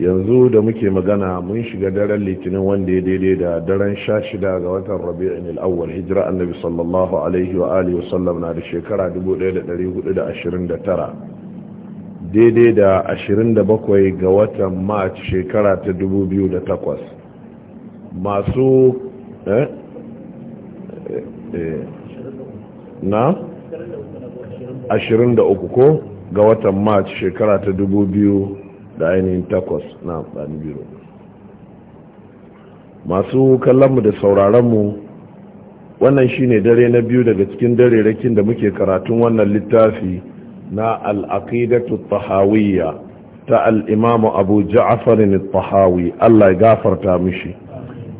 yanzu da muke magana mun shiga daren litinin wanda ya daidai da daren sha shida ga watan rabi'in al'awwal hijira annabi sallallahu alaihi wa alihi wasallam na da shekara 1429 daidai da 27 ga watan march shekara ta 2008 masu eh, eh na 23 ko ga watan march shekara ta 2008 da ainihin takwas na amfani biro masu kallonmu da sauraronmu wannan shine dare na biyu daga cikin dare rakin da muke karatun wannan littafi na al'aqidatu tahawiyya ta al'imamu abu ja'afarin tahawi allah ya gafarta mushi.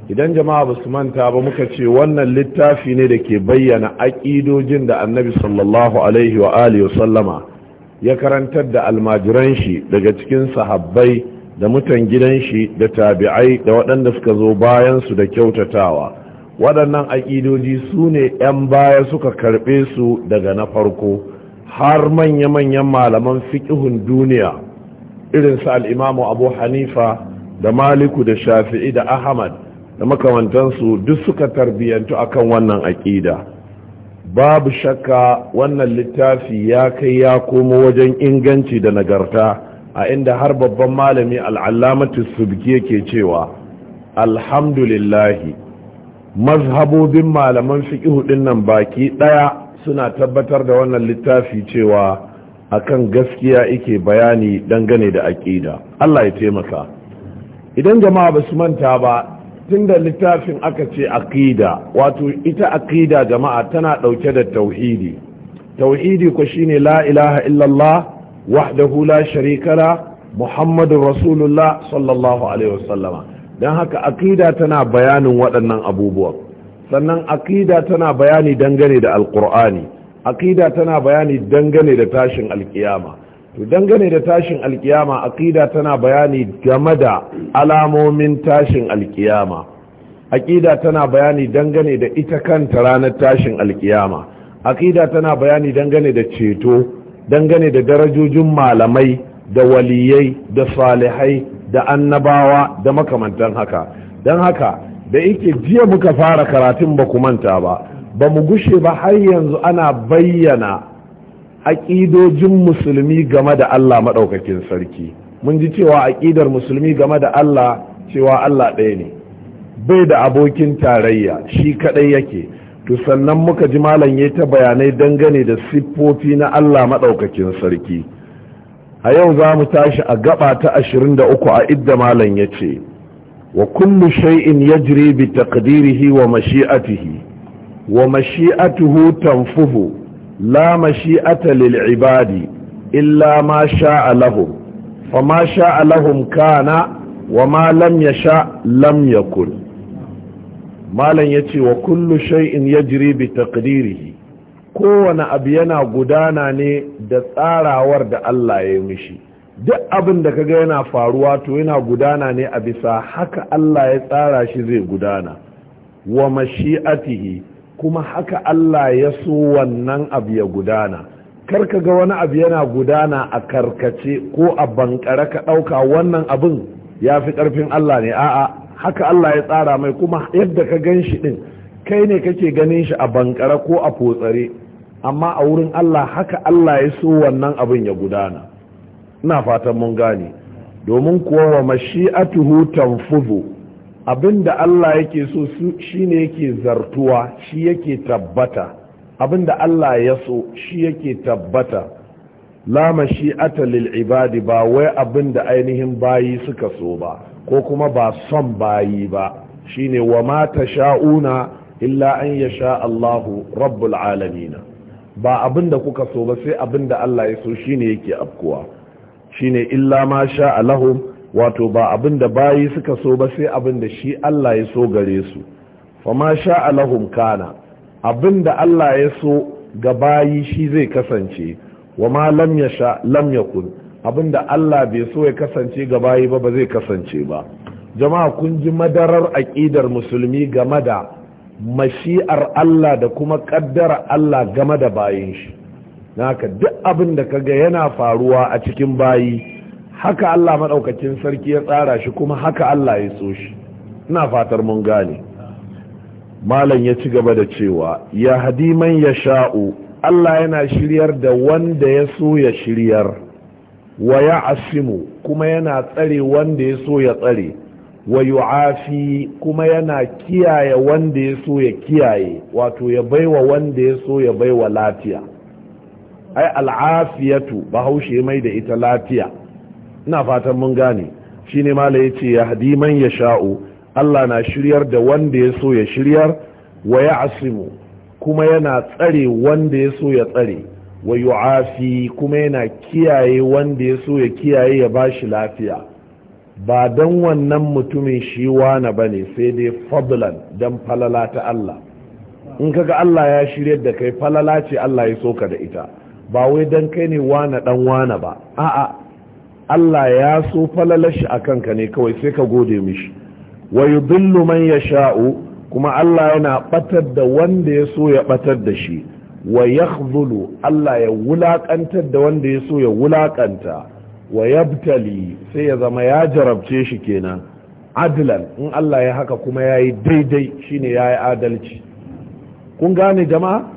idan jama'a ba su manta ba muka ce wannan littafi ne da ke bayyana aƙidojin da annabi sallallahu alaihi wa alihi wa sallama ya karantar da almajiran shi daga cikin sahabbai da mutan gidan shi da tabi'ai da waɗanda suka zo bayan su da kyautatawa waɗannan aƙidoji su ne 'yan baya suka karɓe su daga na farko har manya-manyan malaman fiƙihun duniya irin su al'imamu abu hanifa da maliku da shafi'i da ahmad da makamantansu duk suka tarbiyyantu akan wannan aƙida babu shakka wannan littafi ya kai ya komo wajen inganci da nagarta a inda har babban malami al'alamatu subki yake cewa alhamdulillahi mazhabobin malaman fiƙihu ɗinnan baki ɗaya suna tabbatar da wannan littafi cewa akan gaskiya ike bayani dangane da aƙida Allah ya taimaka idan jama'a ba su manta ba tunda littafin aka ce aqida wato ita aqida jama'a tana dauke da tauhidi tauhidi ko shine la ilaha illallah wahdahu la sharika la muhammadur rasulullah sallallahu alaihi wasallama dan haka aqida tana bayanin waɗannan abubuwa sannan aqida tana bayani dangane da alqur'ani aqida tana bayani dangane da tashin alkiyama to dangane da tashin alkiyama aqida tana bayani game da alamomin tashin alkiyama aqida tana bayani dangane da ita kanta ranar tashin alkiyama aqida tana bayani dangane da ceto dangane da darajojin malamai da waliyai da salihai da annabawa da makamantan haka don haka da yake jiya muka fara karatun ba ku manta ba ba mu gushe ba har yanzu ana bayyana aƙidojin musulmi game da Allah maɗaukakin sarki mun ji cewa aƙidar musulmi game da Allah cewa Allah ɗaya ne bai da abokin tarayya shi kaɗai yake to sannan muka ji malam ya ta bayanai dangane da siffofi na Allah maɗaukakin sarki a yau za mu tashi a gaba ta ashirin 23 a idda malam ya ce wa kullu shay'in yajri bi taqdirihi wa mashi'atihi wa mashi'atuhu tanfuhu la mashi'ata lil ibadi illa ma sha'a lahum fa ma sha'a lahum kana wa ma lam sha, lam yakun malam yace wa kullu shay'in ya bi takdirihi? kowane abu yana gudana ne da tsarawar da Allah ya yi mishi duk abin da kaga yana faruwa to yana gudana ne a bisa haka Allah ya tsara shi zai gudana wa mashi'atihi kuma haka Allah ya so wannan abu ya gudana karka ga wani abu yana gudana a karkace ko a bankare ka ɗauka wannan abin ya fi ƙarfin Allah ne a'a haka Allah ya tsara mai kuma yadda ka gan shi din kai ne kake ganin shi a bankare ko a fotsare amma a wurin Allah haka Allah ya so wannan abin ya gudana ina fatan mun gane domin kuwa wa mashi'atuhu tanfudu Abin da Allah yake so shine yake zartuwa shi yake tabbata abinda Allah ya so shi yake tabbata Lama shi lil ibadi ba wai abin da ainihin bayi suka so ba ko kuma ba son bayi ba shine wa mata sha'una illa an ya sha Allahu rabbul alamin ba abinda kuka so ba sai abin da Allah ya so shine yake afkuwa shine illa ma sha lahum wato ba abin da bayi suka so ba sai abin da shi Allah ya so gare su ma sha alahum kana abin da Allah ya so ga bayi shi zai kasance wa ma lam ya sha lam ya kun abin da Allah bai so ya kasance ga bayi ba ba zai kasance ba jama'a kun ji madarar aƙidar musulmi game da mashi'ar Allah da kuma ƙaddara Allah game da bayin shi naka duk abin da kaga yana faruwa a cikin bayi haka Allah maɗaukacin sarki ya tsara shi kuma haka Allah ya so shi ina fatar mun gane malam ya ci gaba da cewa ya hadiman ya sha'u Allah yana shiryar da wanda ya so ya shiryar wa ya asimu kuma yana tsare wanda ya so ya tsare wa yu'afi kuma yana kiyaye wanda ya so ya kiyaye wato ya baiwa wanda ya so ya baiwa lafiya ai al'afiyatu bahaushe mai da ita lafiya ina fatan mun gane Shi ne mala ya ya yahdi man sha'u Allah na shiryar da wanda ya so ya shiryar wa asimu kuma yana tsare wanda ya so ya tsare wa yu'afi kuma yana kiyaye wanda ya so ya kiyaye ya ba shi lafiya ba don wannan mutumin shi wane ba ne sai dai fadlan don falala ta Allah in kaga Allah ya shiryar da kai falala ce Allah ya so ka da ita ba wai don kai ne wane dan wane ba a'a Allah ya so falalashi a kanka ne kawai sai ka gode mishi wa Billu man sha'o. kuma Allah yana batar da wanda ya so ya batar da shi wa zulu Allah ya wulaƙantar da wanda ya so ya wulaƙanta. wa yabtali sai ya zama ya jarabce shi kenan adlan in Allah ya haka kuma ya yi daidai shine yayi adalci kun gane jama'a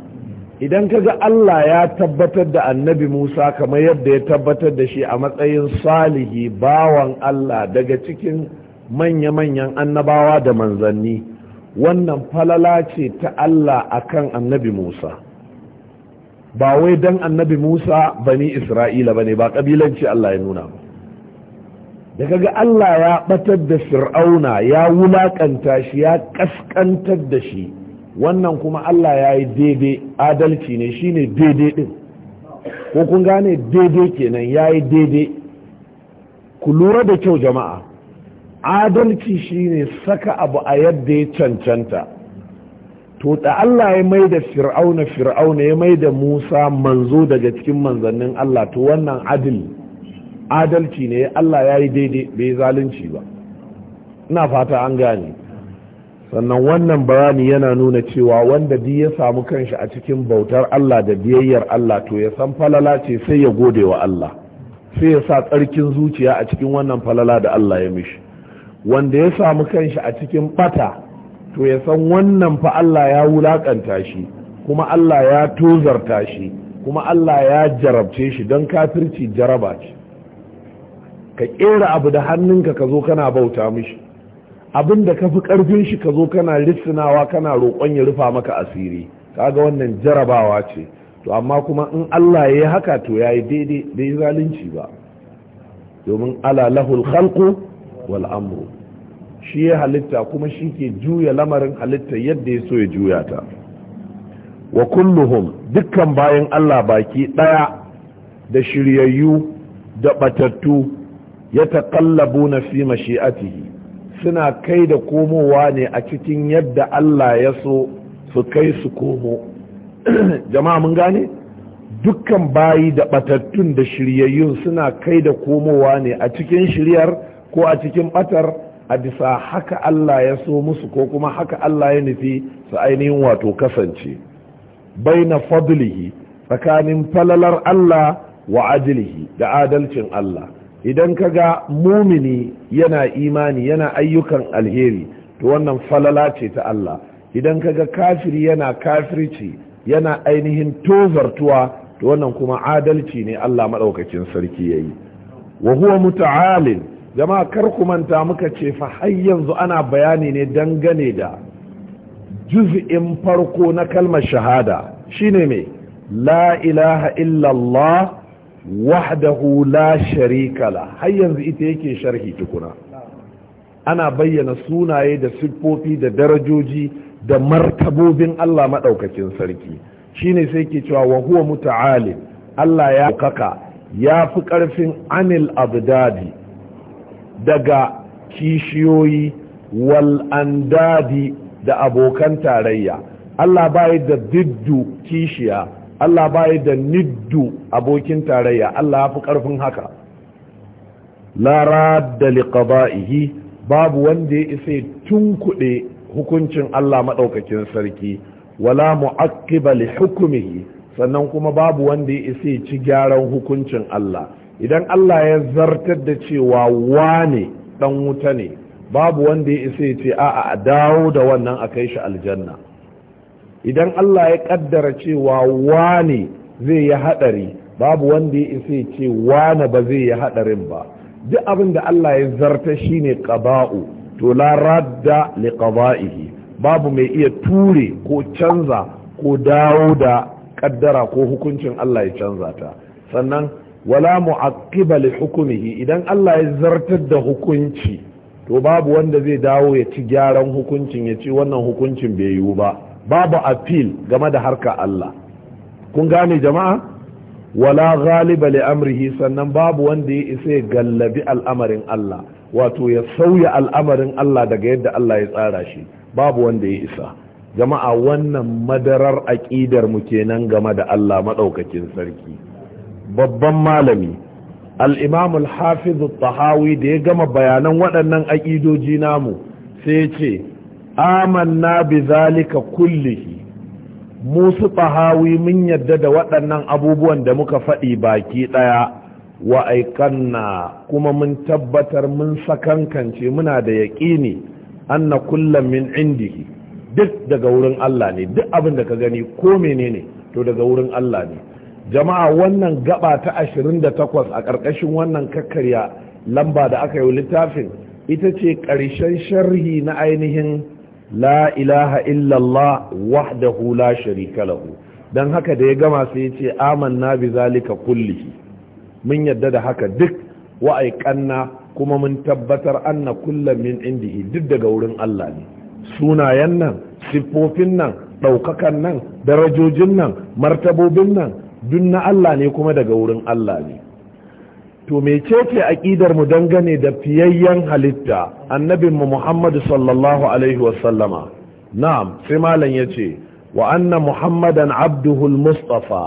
idan ka ga Allah ya tabbatar da annabi Musa kamar yadda ya tabbatar da shi a matsayin salihi bawan Allah daga cikin manya-manyan annabawa da manzanni wannan falala ce ta Allah akan annabi Musa ba wai dan annabi Musa bani Isra'ila bane ba kabilanci Allah ya nuna da kaga Allah ya batar da Fir'auna ya wulakanta shi ya kaskantar da shi wannan kuma Allah ya yi daidai adalci ne shi ne daidai ɗin ko kun gane daidai kenan ya yi daidai ku lura da kyau jama'a adalci shi ne saka abu a yadda ya cancanta to da Allah ya mai da fir'auna fir'auna ya mai da musa manzo daga cikin manzannin Allah to wannan adil adalci ne Allah ya yi daidai bai zalunci ba ina fata an gane sannan wannan bayani yana nuna cewa wanda bi ya samu kanshi a cikin bautar Allah da biyayyar Allah to ya san falala ce sai ya gode wa Allah sai ya sa tsarkin zuciya a cikin wannan falala da Allah ya mishi wanda ya samu kanshi a cikin bata to ya san wannan fa Allah ya wulakanta shi kuma Allah ya tozarta shi kuma Allah ya jarabce shi don kafirci jaraba ce ka kera abu da hannunka ka zo kana bauta mishi abin da ka fi ƙarfin shi ka zo kana lissinawa kana roƙon ya rufa maka asiri kaga wannan jarabawa ce to amma kuma in Allah ya yi haka to ya yi daidai yi zalunci ba domin ala lahul khalqu wal amru shi ya halitta kuma shi ke juya lamarin halitta yadda ya so ya juya ta wa kulluhum dukkan bayan Allah baki daya da shiryayyu da batattu ya na fi mashi'atihi suna kai da komowa ne a cikin yadda Allah ya so su kai su komo jama'a mun gane dukkan bayi da batattun da shiryayyun suna kai da komowa ne a cikin shiryar ko a cikin batar a bisa haka Allah ya so musu ko kuma haka Allah ya nufi su ainihin wato kasance bai na fadlihi tsakanin falalar Allah wa ajilihi da adalcin Allah idan ka ga mumini yana imani yana ayyukan alheri to wannan falala ce ta Allah idan ka ga kafiri yana kafirci yana ainihin tozartuwa to wannan kuma adalci ne Allah maɗaukacin sarki ya yi wa huwa muta'alin jama'a kar ku manta muka ce fa har yanzu ana bayani ne dangane da juz'in farko na kalmar shahada shine me la ilaha illallah wahdahu la sharika la har yanzu ita yake sharhi tukuna ana bayyana sunaye da siffofi da darajoji da martabobin Allah madaukakin sarki shine sai ke cewa wa huwa muta'ali Allah ya kaka ya fi karfin anil abdadi daga kishiyoyi wal andadi da abokan tarayya Allah bai da diddu kishiya Allah baya da niddu abokin tarayya Allah fi ƙarfin haka la radda liqada'ihi babu wanda ya isa tunkuɗe hukuncin Allah madaukakin sarki wala mu'aqqiba li hukmihi sannan kuma babu wanda ya isa ci gyaran hukuncin Allah idan Allah ya zartar da cewa wane dan wuta ne babu wanda ya isa ce a'a a dawo da wannan a kai shi aljanna idan Allah ya kaddara cewa wane zai yi hadari babu wanda ya isa ya ce wane ba zai yi hadarin ba duk abin da Allah ya zarta shine qada'u to la radda li qada'ihi babu mai iya ture ko canza ko dawo da kaddara ko hukuncin Allah ya canza ta sannan wala mu'aqqiba li hukmihi idan Allah ya zartar da hukunci to babu wanda zai dawo ya ci gyaran hukuncin ya ce wannan hukuncin bai yiwu ba babu appeal game da harka Allah kun gane jama'a wala ghaliba li amrihi sannan babu wanda ya isa ya gallabi al'amarin Allah wato ya sauya al'amarin Allah daga yadda Allah ya tsara shi babu wanda ya isa jama'a wannan madarar aƙidar mu kenan game da Allah madaukakin sarki babban malami al-imam al-hafiz tahawi da ya gama bayanan waɗannan aƙidoji namu sai ya ce amanna bi zalika kullihi mu su tahawi mun yadda da waɗannan abubuwan da muka faɗi baki ɗaya wa aikanna kuma mun tabbatar mun sakankance muna da yaƙini anna kullum min indihi duk daga wurin Allah ne duk abin da ka gani ko menene to daga wurin Allah ne jama'a wannan gaba ta 28 a ƙarƙashin wannan kakkarya lamba da aka yi littafin ita ce ƙarshen sharhi na ainihin la ilaha illallah wahdahu la sharika lahu dan haka da ya gama sai ya ce amanna bi zalika kullihi mun yadda da haka duk wa'aikanna kuma mun tabbatar anna kullum min indihi duk daga wurin Allah ne sunayen nan siffofin nan daukakan nan darajojin nan martabobin nan duk na Allah ne kuma daga wurin Allah ne to mecece aƙidar mu dangane da fiyayyen halitta annabinmu muhammadu sallallahu alaihi wasallama na'am sai malam ya ce wa anna muhammadan abduhul mustafa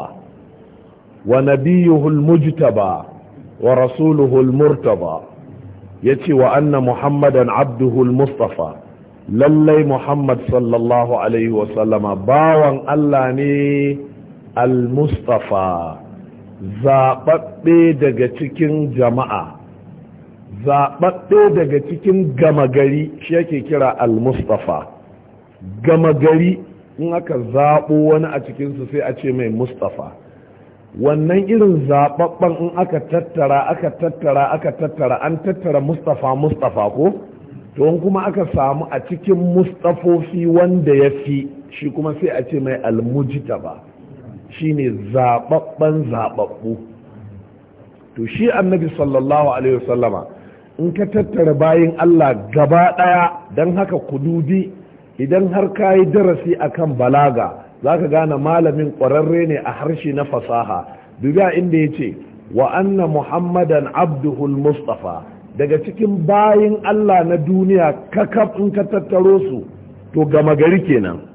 wa nabiyuhul mujtaba wa rasuluhul murtaba ya ce wa anna muhammadan abduhul mustafa lallai muhammad sallallahu alaihi wasallama bawan allah ne al-mustafa zaɓaɓɓe daga cikin jama'a zaɓaɓɓe daga cikin gama gari shi yake kira al-mustafa gama gari in aka zaɓo wani a cikinsu sai a ce mai mustafa wannan irin zaɓaɓɓen in aka tattara aka tattara aka tattara an tattara mustafa mustafa ko to in kuma aka samu a cikin mustafofi wanda ya fi shi kuma sai a ce mai Al-Muji ba. shine zababban zababbu to shi annabi sallallahu alaihi wasallama in ka tattara bayin Allah gaba daya don haka kududi idan har ka yi darasi akan balaga za ka gane malamin ƙwararre ne a harshe na fasaha duba inda ya ce wa anna muhammadan abduhul mustafa daga cikin bayin Allah na duniya kakaf in ka tattaro su to gama gari kenan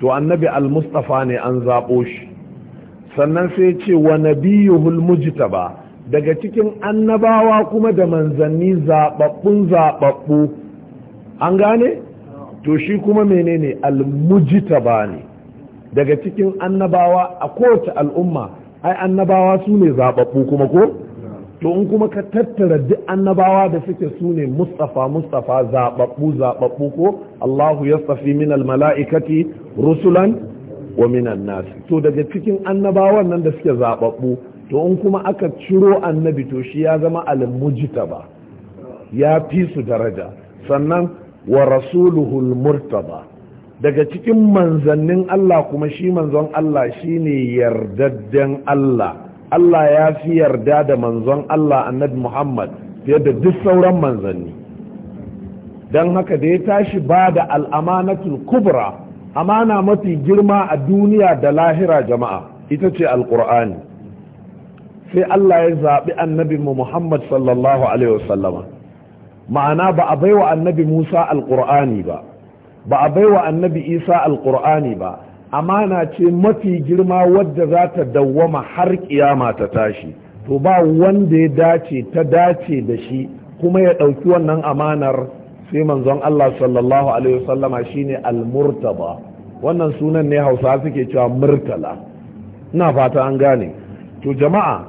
to annabi al-mustafa ne an zaɓo shi sannan sai ce wa nabiyuhul mujtaba daga cikin annabawa kuma da manzanni zaɓaɓɓun zaɓaɓɓu an gane to shi kuma menene al-mujtaba ne daga cikin annabawa a kowace al'umma ai annabawa su ne zaɓaɓɓu kuma ko to in kuma ka tattara duk annabawa da suke su ne mustafa mustafa zaɓaɓɓu ko Allahu yastafi min mala'ikati rusulan wa minan nasi to daga cikin annabawan nan da suke zaɓaɓɓu, to in kuma aka ciro annabi to shi ya zama al ba, ya fi su daraja sannan wa rasuluhul murtaba daga cikin manzannin Allah kuma shi manzon Allah shine yardadden Allah Allah ya fi yarda da manzon Allah annabi Muhammad fiye da duk sauran manzanni don haka da ya tashi ba da al'amanatul kubra amana mafi girma a duniya da lahira jama'a ita ce alƙur'ani sai Allah ya zaɓi annabi Muhammad sallallahu alaihi wasallama ma'ana ba a baiwa annabi Musa alƙur'ani ba ba a baiwa annabi Isa alƙur'ani ba amana ce mafi girma wadda za ta dawwama har kiyama ta tashi to ba wanda ya dace ta dace da shi kuma ya ɗauki wannan amanar sai manzon Allah sallallahu alaihi wasallama shine al-murtaba wannan sunan ne hausa suke cewa murtala ina fata an gane to jama'a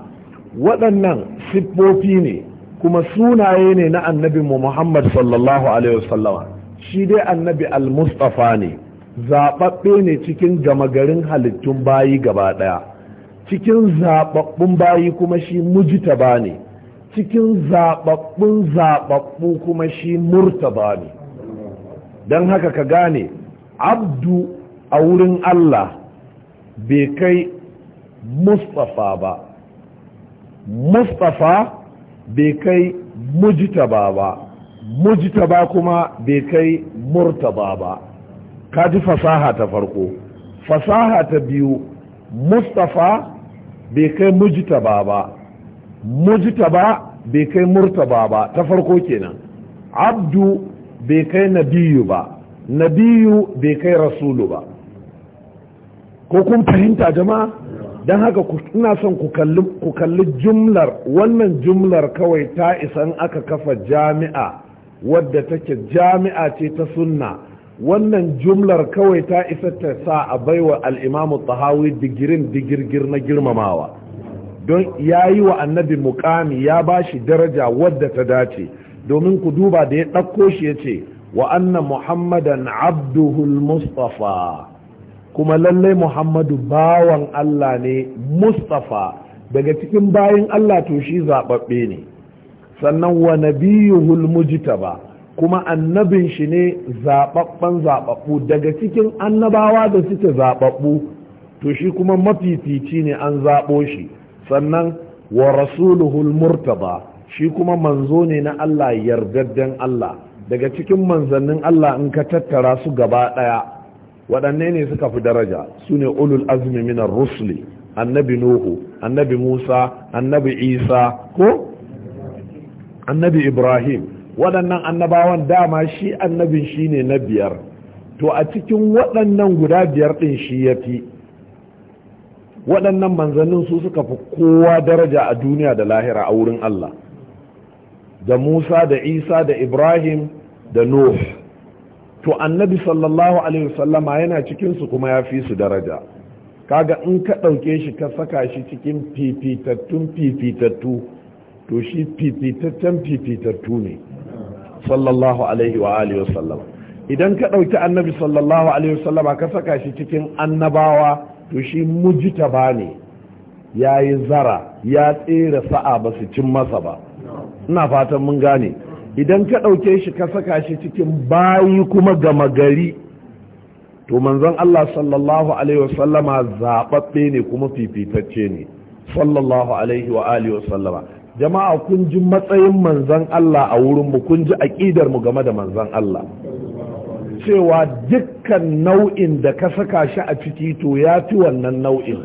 waɗannan siffofi ne kuma sunaye ne na annabi mu Muhammad sallallahu alaihi wasallama shi dai annabi al-mustafa ne zaɓaɓɓe ne cikin gama garin halittun bayi gaba ɗaya cikin zaɓaɓɓun bayi kuma shi mujita ba ne cikin zaɓaɓɓun zaɓaɓɓu kuma shi murta ba ne don haka ka gane abdu a wurin Allah bai kai mustafa ba mustafa bai kai mujita ba ba. Mujita ba kuma bai kai murtaba ba ka ji fasaha ta farko fasaha ta biyu mustafa bai kai mujtaba ba mujtaba bai kai murtaba ba ta farko kenan abdu bai kai nabiyu ba nabiyu bai kai rasulu ba ko kun fahimta jama'a don haka ina son ku kalli jumlar wannan jumlar kawai ta isan aka kafa jami'a wadda take jami'a ce ta sunna wannan jumlar kawai ta isa ta sa a baiwa al'imamu tahawi digirin digirgir na girmamawa don ya yi wa annabi mukami ya ba shi daraja wadda ta dace domin ku duba da ya ɗauko shi ya ce wa annan muhammadan abduhul mustafa kuma lallai muhammadu bawan allah ne mustafa daga cikin bayan allah to shi zaɓaɓɓe ne sannan wa nabiyuhul ba. kuma annabin shi ne zaɓaɓɓen zaɓaɓɓu daga cikin annabawa da suke zaɓaɓɓu to shi kuma mafifici ne an zaɓo shi sannan wa rasuluhul murtaba shi kuma manzo ne na Allah yardadden Allah daga cikin manzannin Allah in ka tattara su gaba ɗaya waɗanne ne suka fi daraja su ne ulul azmi minar rusuli annabi nuhu annabi musa annabi isa ko annabi ibrahim waɗannan annabawan dama shi annabin shi ne na biyar to a cikin waɗannan guda biyar ɗin shi ya fi waɗannan manzannin su suka fi kowa daraja a duniya da lahira a wurin Allah da Musa da Isa da Ibrahim da Nuh to annabi sallallahu alaihi wasallama yana cikin su kuma ya fi su daraja kaga in ka ɗauke shi ka saka shi cikin fifitattun fifitattu to shi fifitattun fifitattu ne sallallahu alaihi wa alihi wasallam idan ka ɗauki annabi sallallahu alaihi wasallam ka saka shi cikin annabawa to shi mujtaba ne ya yi zara ya tsere sa'a ba su cin masa ba ina fatan mun gane idan ka ɗauke shi ka saka shi cikin bayi kuma gama gari to manzon Allah sallallahu alaihi wasallama zaɓaɓɓe ne kuma fifitacce ne sallallahu alaihi wa alihi wasallama jama'a kun ji matsayin manzan Allah a wurinmu kun ji aƙidar mu game da manzan Allah cewa dukkan nau'in da ka saka shi a ciki to ya fi wannan nau'in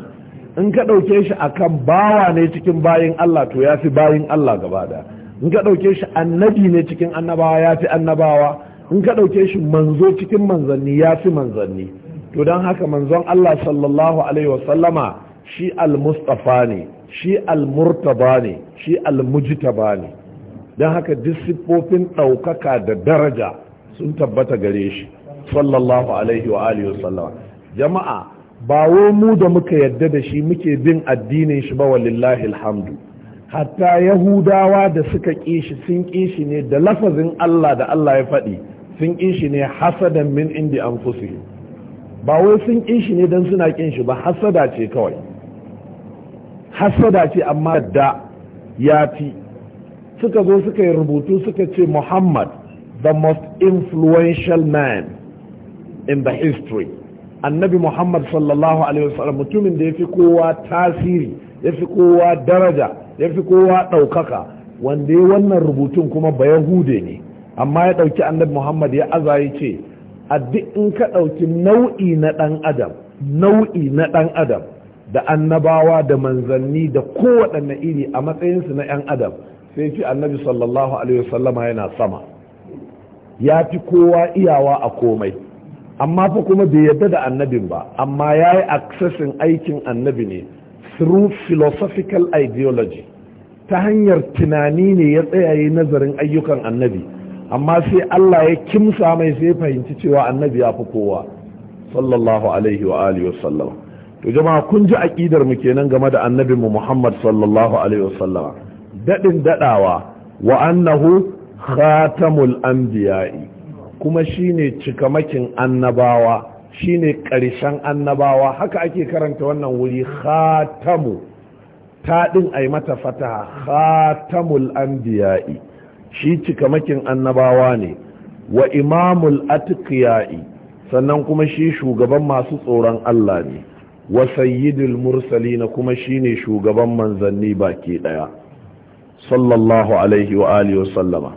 in ka ɗauke shi a kan bawa ne cikin bayin Allah to ya fi bayin Allah gaba da in ka ɗauke shi annabi ne cikin annabawa ya fi annabawa in ka ɗauke shi manzo cikin manzanni ya fi manzanni to don haka manzon Allah sallallahu alaihi wasallama shi al-mustafa ne shi almurtaba ne shi almujtaba ne don haka disipofin ɗaukaka da daraja sun tabbata gare shi sallallahu alaihi wa alihi wasallama jama'a ba mu da muka yadda da shi muke bin addinin shi ba walillahi alhamdu hatta yahudawa da suka ƙi sun ƙi ne da lafazin Allah da Allah ya faɗi sun ƙi shi ne hasadan min indi anfusihim ba wai sun kishi ne don suna ƙin shi ba hasada ce kawai hasada ce amma da ya fi suka zo suka yi rubutu suka ce muhammad the most influential man in the history annabi muhammad sallallahu alaihi wasallam mutumin da ya fi kowa tasiri ya fi kowa daraja ya fi kowa ɗaukaka wanda ya wannan rubutun kuma ba hude ne amma ya ɗauki annabi muhammad ya aza ya ce a duk in ka ɗauki nau'i na ɗan adam nau'i na ɗan adam da annabawa da manzanni da kowaɗanne iri a matsayinsu na 'yan adam sai fi annabi sallallahu alaihi wasallama yana sama ya fi kowa iyawa a komai amma fa kuma bai yadda da annabin ba amma ya yi accessin aikin annabi ne through philosophical ideology ta hanyar tunani ne ya tsayaye nazarin ayyukan annabi amma sai Allah ya kimsa mai sai fahimci cewa annabi ya fi kowa sallallahu alaihi wa alihi wasallam to jama'a kun ji aqidar mu kenan game da annabi mu Muhammad sallallahu alaihi wasallama dadin dadawa wa annahu khatamul anbiya'i kuma shine cikamakin annabawa shine karshen annabawa haka ake karanta wannan wuri khatamu ta din ai mata fataha khatamul anbiya'i shi cikamakin annabawa ne wa imamul atqiya'i sannan kuma shi shugaban masu tsoron Allah ne wa sayyidul mursalin kuma shine shugaban manzanni baki daya sallallahu alaihi wa alihi wa sallama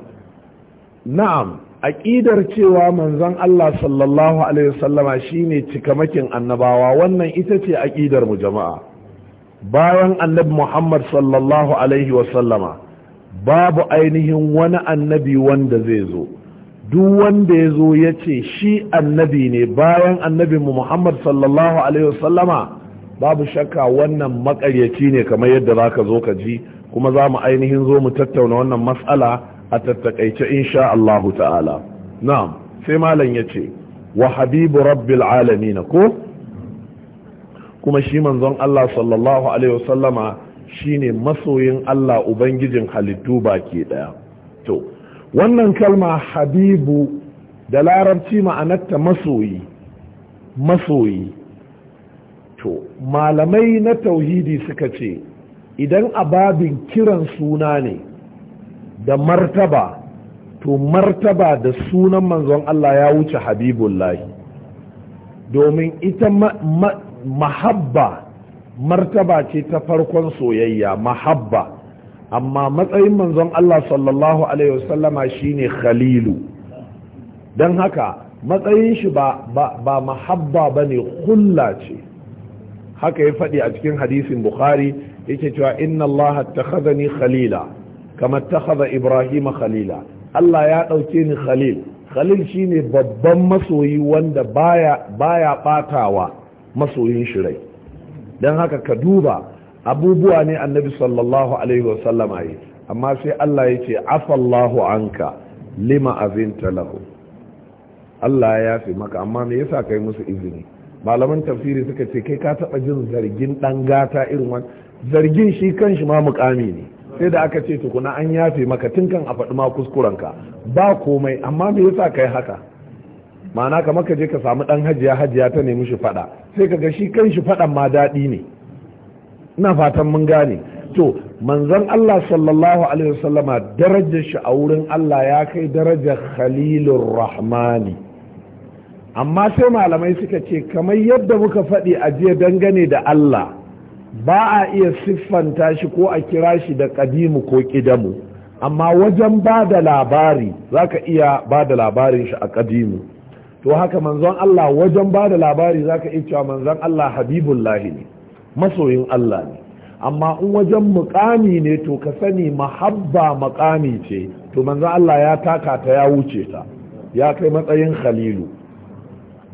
na'am aƙidar cewa manzon Allah sallallahu alaihi wasallama shine cikamakin annabawa wannan ita ce aƙidar mu jama'a bayan annabi Muhammad sallallahu alaihi wasallama babu ainihin wani annabi wanda zai zo duk wanda ya zo ya ce shi annabi ne bayan annabinmu muhammad sallallahu alaihi wasallama babu shakka wannan makaryaci ne kamar yadda za ka zo ka ji kuma za mu ainihin zo mu tattauna wannan matsala a tattakaice insha Allahu ta'ala na'am sai malam ya ce wa habibu rabbil na ko kuma shi manzon Allah sallallahu alaihi wasallama shine masoyin Allah ubangijin halittu baki daya to wannan kalma habibu da larabci ma'anarta masoyi masoyi to malamai na tauhidi suka ce idan a babin kiran suna ne da martaba to martaba da sunan manzon Allah ya wuce habibullahi domin ita mahabba martaba ce ta farkon soyayya mahabba amma matsayin manzon Allah sallallahu alaihi wasallama shine khalilu don haka matsayin shi ba ba mahabba bane kulla ce haka ya faɗi a cikin hadisin bukhari yake cewa inna Allah ni khalila kama takhadha ibrahim khalila Allah ya ɗauke ni khalil khalil shine babban masoyi wanda baya baya batawa masoyin shi rai don haka ka duba abubuwa ne annabi sallallahu alaihi sallam yi amma sai Allah ya ce afallahu anka lima azinta lahu Allah ya yafe maka amma me yasa kai musu izini malaman tafsiri suka ce kai ka taba jin zargin dan gata irin wani zargin shi kan shi ma mukami ne sai da aka ce tukuna an yafe maka tun kan a faɗi ma ka ba komai amma me yasa kai haka ma'ana kamar ka je ka samu dan hajiya hajiya ta nemi shi faɗa sai ka ga shi kanshi faɗan ma daɗi ne ina fatan mun gane to manzon Allah sallallahu alaihi wasallama darajar shi a wurin Allah ya kai darajar khalilur rahmani amma sai malamai suka ce kamar yadda muka faɗi a jiya dangane da Allah ba a iya siffanta shi ko a kira shi da ƙadimu ko kidamu amma wajen ba da labari za iya ba da labarin shi a kadimu to haka manzon Allah wajen ba da labari zaka ka iya cewa manzon Allah habibullahi ne masoyin Allah ne amma in wajen mukami ne to ka sani mahabba makami ce to manzo Allah ya taka ta ya wuce ta ya kai matsayin khalilu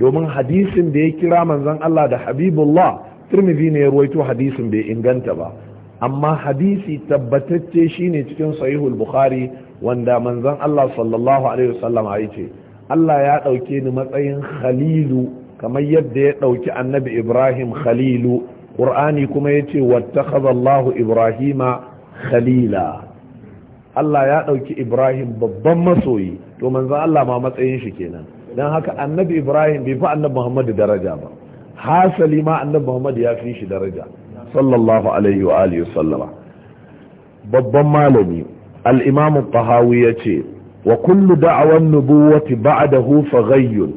domin hadisin da ya kira manzon Allah da habibullah tirmidhi ne ya ruwaito hadisin bai inganta ba amma hadisi tabbatacce shine cikin sahihul bukhari wanda manzon Allah sallallahu alaihi wasallam ya ce Allah ya dauke ni matsayin khalilu kamar yadda ya dauki annabi Ibrahim khalilu ƙur'ani kuma ya ce wattakhazallahu ibrahima khalila Allah ya ɗauki ibrahim babban masoyi to manzan Allah ma matsayin shi kenan don haka annabi ibrahim bai fi annabi muhammadu daraja ba hasali ma annabi muhammadu ya fi shi daraja sallallahu alaihi wa alihi sallama babban malami al imamu tahawi ya ce wa kullu da'awan nubuwati ba'dahu faghayyun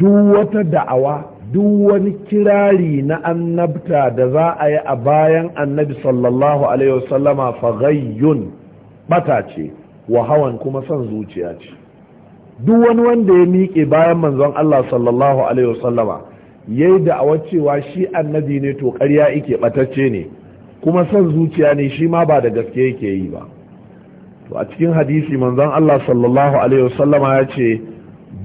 duk wata da'awa duk wani kirari na annabta da za a yi a bayan annabi sallallahu alaihi wasallama faghayyun bata ce wa hawan kuma son zuciya ce duk wani wanda ya miƙe bayan manzon Allah sallallahu alaihi wasallama ya yi da'awar cewa shi annabi ne to ƙarya yake ɓatacce ne kuma son zuciya ne shi ma ba da gaske yake yi ba to a cikin hadisi manzon Allah sallallahu alaihi wasallama ya ce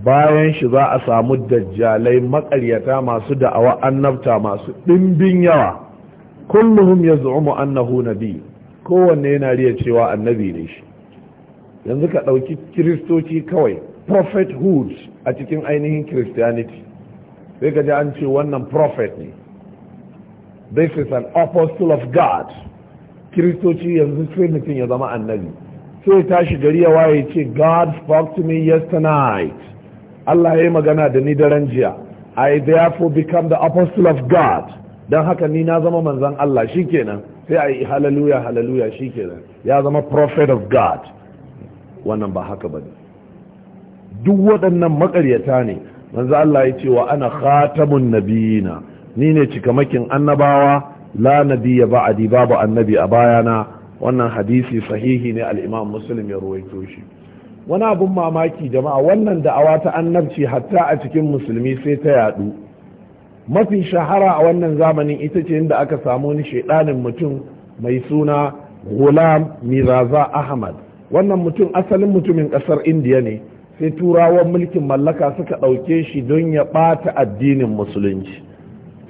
bayan shi za a samu dajjalai makaryata masu da'awa annabta masu ɗimbin yawa kulluhum ya zu'umu annahu nabi kowanne yana riya cewa annabi ne shi yanzu ka ɗauki kiristoci kawai prophethood a cikin ainihin christianity sai ka ji an ce wannan prophet ne this is an apostle of god kiristoci yanzu sai mutum ya zama annabi sai tashi gari ya waye ce god spoke to me night Allah ya yi magana da ni daren jiya I therefore become the apostle of God don haka ni na zama manzan Allah shikenan sai a yi hallelujah hallelujah shikenan ya zama prophet of God wannan ba haka bane duk waɗannan makaryata ne manzan Allah ya ce wa ana khatamun nabiyina ni ne cikamakin annabawa la ya ba'adi babu annabi a bayana wannan hadisi sahihi ne alimam Muslim ya ruwaito shi wani abin mamaki jama'a wannan da'awa ta annabci hatta a cikin musulmi sai ta yadu mafi shahara a wannan zamanin ita ce inda aka samu wani shaidanin mutum mai suna gulam miraza ahmad wannan mutum asalin mutumin kasar indiya ne sai turawan mulkin mallaka suka ɗauke shi don ya ɓata addinin musulunci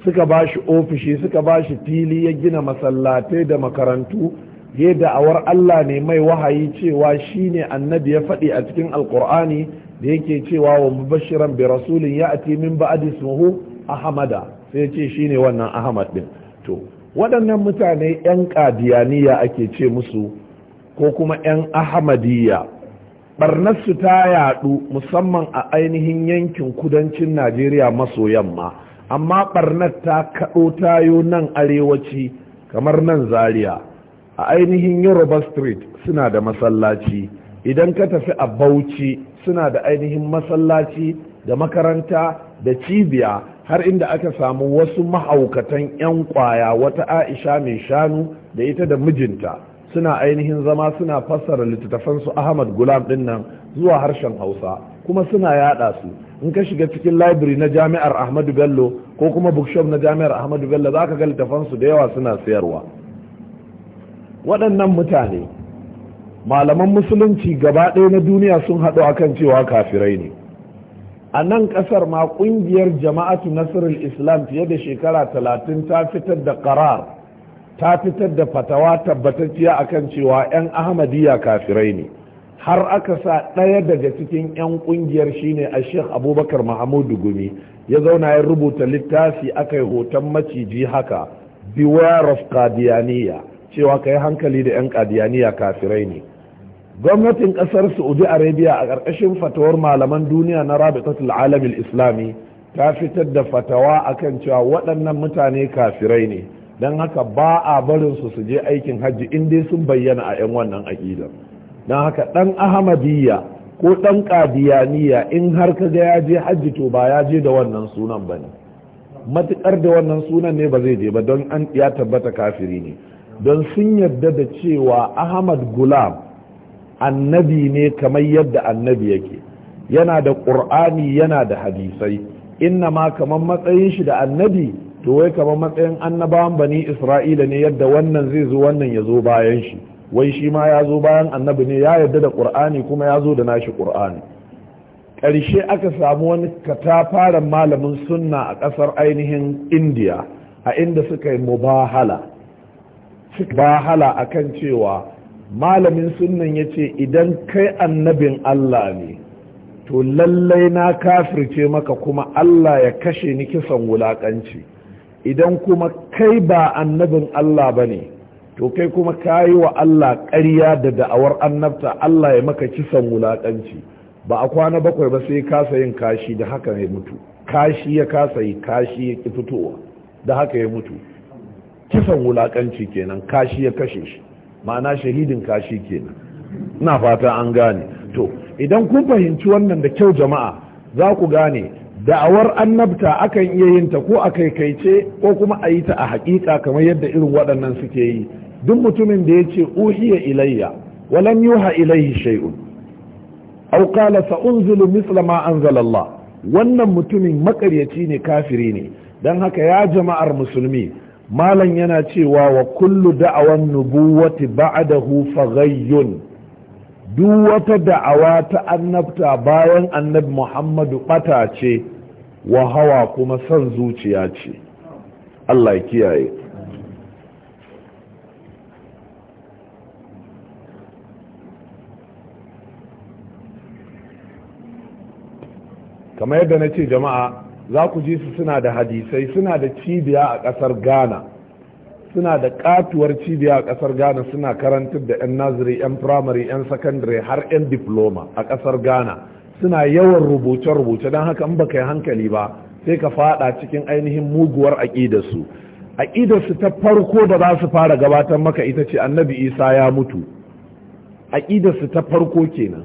suka ba shi ofishi suka ba shi fili ya gina masallatai da makarantu ya da'awar Allah ne mai wahayi cewa shine annabi ya faɗi a cikin alkur'ani da yake cewa wa mubashiran bi rasulin ya ati min ba'di ismuhu ahmada sai ce shi ne wannan ahmad din to waɗannan mutane yan qadiyaniya ake ce musu ko kuma yan ahmadiyya barnarsu ta yadu musamman a ainihin yankin kudancin Najeriya maso yamma amma barnar ta kaɗo tayo nan arewaci kamar nan zaria a ainihin yoruba street suna da masallaci idan ka tafi a bauchi suna da ainihin masallaci da makaranta da cibiya har inda aka samu wasu mahaukatan 'yan kwaya wata aisha mai shanu da ita da mijinta suna ainihin zama suna fassara littattafansu ahmad gulam din nan zuwa harshen hausa kuma suna yada su in ka shiga cikin library na jami'ar ahmadu bello ko kuma bookshop na jami'ar ahmadu bello za ka ga littattafansu da yawa suna sayarwa waɗannan mutane malaman musulunci gaba ɗaya na duniya sun haɗu akan cewa kafirai ne a nan ƙasar ma ƙungiyar jama'atu nasirul islam fiye da shekara talatin ta fitar da karar ta fitar da fatawa tabbatacciya akan cewa 'yan ahmadiyya kafirai ne har aka sa ɗaya daga cikin 'yan ƙungiyar shine a abubakar mahamudu gumi ya zauna ya rubuta littafi aka yi hoton maciji haka beware of qadiyaniyya cewa ka yi hankali da 'yan kadiyaniya kafirai ne gwamnatin kasar saudi arabia a ƙarƙashin fatawar malaman duniya na rabitatul alamil islami ta fitar da fatawa a kan cewa waɗannan mutane kafirai ne don haka ba a barin su su je aikin hajji in dai sun bayyana a 'yan wannan aƙida don haka ɗan ahmadiyya ko ɗan kadiyaniya in har ka ga ya je hajji to ba ya je da wannan sunan ba ne matuƙar da wannan sunan ne ba zai je ba don an ya tabbata kafiri ne don sun yarda da cewa ahmad gulam annabi ne kamar yadda annabi yake yana da ƙur'ani yana da hadisai inna ma kamar matsayin shi da annabi to wai kamar matsayin annabawan bani isra'ila ne yadda wannan zai zo wannan ya zo bayan shi wai shi ma ya zo bayan annabi ne ya yarda da ƙur'ani kuma ya zo da nashi ƙur'ani Karshe aka samu wani katafaren malamin sunna a ƙasar ainihin indiya a inda suka yi mubahala bahala akan cewa malamin sunnan ya ce idan kai annabin Allah ne to lallai na kafirce maka kuma Allah ya kashe ni kisan wulakanci idan kuma kai ba annabin Allah ba ne to kai kuma kayi wa Allah ƙarya da da'awar annabta Allah ya maka kisan wulakanci ba a kwana bakwai ba sai kasa yin kashi da haka ya mutu kashi ya kasa yi kashi ya da haka ya mutu kisan wulakanci kenan kashi ya kashe shi ma'ana shahidin kashi kenan ina fata an gane to idan kun fahimci wannan da kyau jama'a za ku gane da'awar annabta akan iya yin ta ko a kaikaice ko kuma a yi ta a haƙiƙa kamar yadda irin waɗannan suke yi duk mutumin da ya ce uhiya ilayya walam yuha ilayhi shay'un aw qala fa unzilu misla ma anzala Allah wannan mutumin makaryaci ne kafiri ne dan haka ya jama'ar musulmi malam yana cewa wa kullu da'awan nubuwati ba'dahu faghayyun duk wata da'awa ta annabta bayan annabi Muhammadu bata ce wa hawa kuma son zuciya ce Allah ya kiyaye kamar yadda na ce jama'a za ku ji su suna da hadisai suna da cibiya a ƙasar ghana suna da katuwar cibiya a ƙasar ghana suna karantar da 'yan naziri 'yan firamare 'yan sakandare har 'yan diploma a ƙasar ghana suna yawan rubuce-rubuce don haka in baka yi hankali ba sai ka fada cikin ainihin muguwar aƙidarsu aƙidarsu ta farko da za su fara gabatar maka ita ce annabi isa ya mutu aƙidarsu ta farko kenan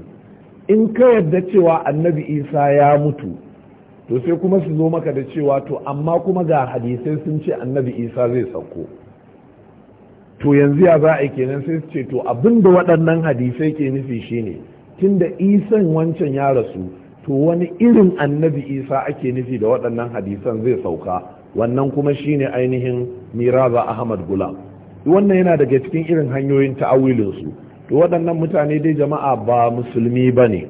in ka yadda cewa annabi isa ya mutu to sai kuma su zo maka da cewa to amma kuma ga hadisai sun ce annabi isa zai sauko to yanzu ya za a kenan sai su ce to abinda waɗannan hadisai ke nufi shine da isan wancan ya rasu to wani irin annabi isa ake nufi da waɗannan hadisan zai sauka wannan kuma shine ainihin miraza ahmad gulam wannan yana daga cikin irin hanyoyin ta'awilinsu to waɗannan mutane dai jama'a ba musulmi ba ne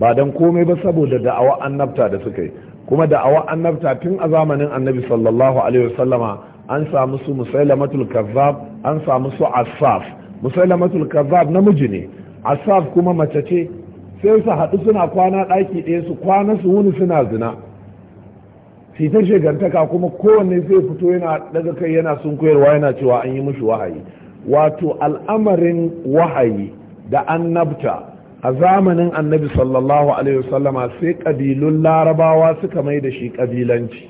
ba don komai ba saboda da'awa annabta da suka yi kuma da'awa annabta tun a zamanin annabi sallallahu alaihi wasallama an samu su musailamatul kazzab an samu su asaf musailamatul kazzab namiji ne asaf kuma mace ce sai su haɗu suna kwana ɗaki ɗaya su kwana su wuni suna zina sai ta shegantaka kuma kowanne zai fito yana daga kai yana sun koyarwa yana cewa an yi mushi wahayi wato al'amarin wahayi da annabta a zamanin annabi sallallahu alaihi wasallama sai ƙabilun larabawa suka mai da shi ƙabilanci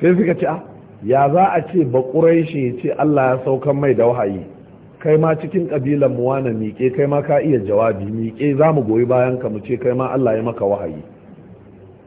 sai suka ce ah, ya za a ce ba ƙuraishi ce allah ya saukan mai da wahayi kai ma cikin ƙabilan mu na miƙe kai ma ka iya jawabi miƙe za mu goyi bayan ka mu ce kai ma allah ya maka wahayi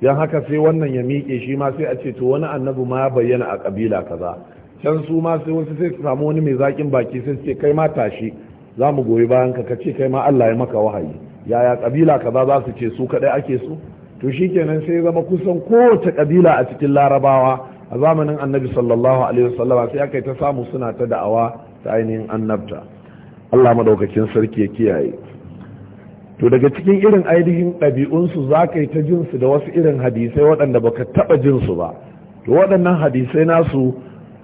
yan haka sai wannan ya miƙe shi ma sai a ce to wani annabi ma ya bayyana a ƙabila kaza can su ma sai wasu sai su samu wani mai zaƙin baki sai su ce kai ma tashi za mu goyi bayan ka kace kai ma Allah ya maka wahayi yaya kabila kaza za su ce su kadai ake so to shikenan sai zama kusan kowace kabila a cikin larabawa a zamanin annabi sallallahu alaihi wasallam sai aka yi ta samu suna ta da'awa ta ainihin annabta Allah madaukakin sarki ya kiyaye to daga cikin irin ainihin ɗabi'unsu za ka yi ta jinsu da wasu irin hadisai waɗanda baka taɓa jinsu ba to waɗannan hadisai nasu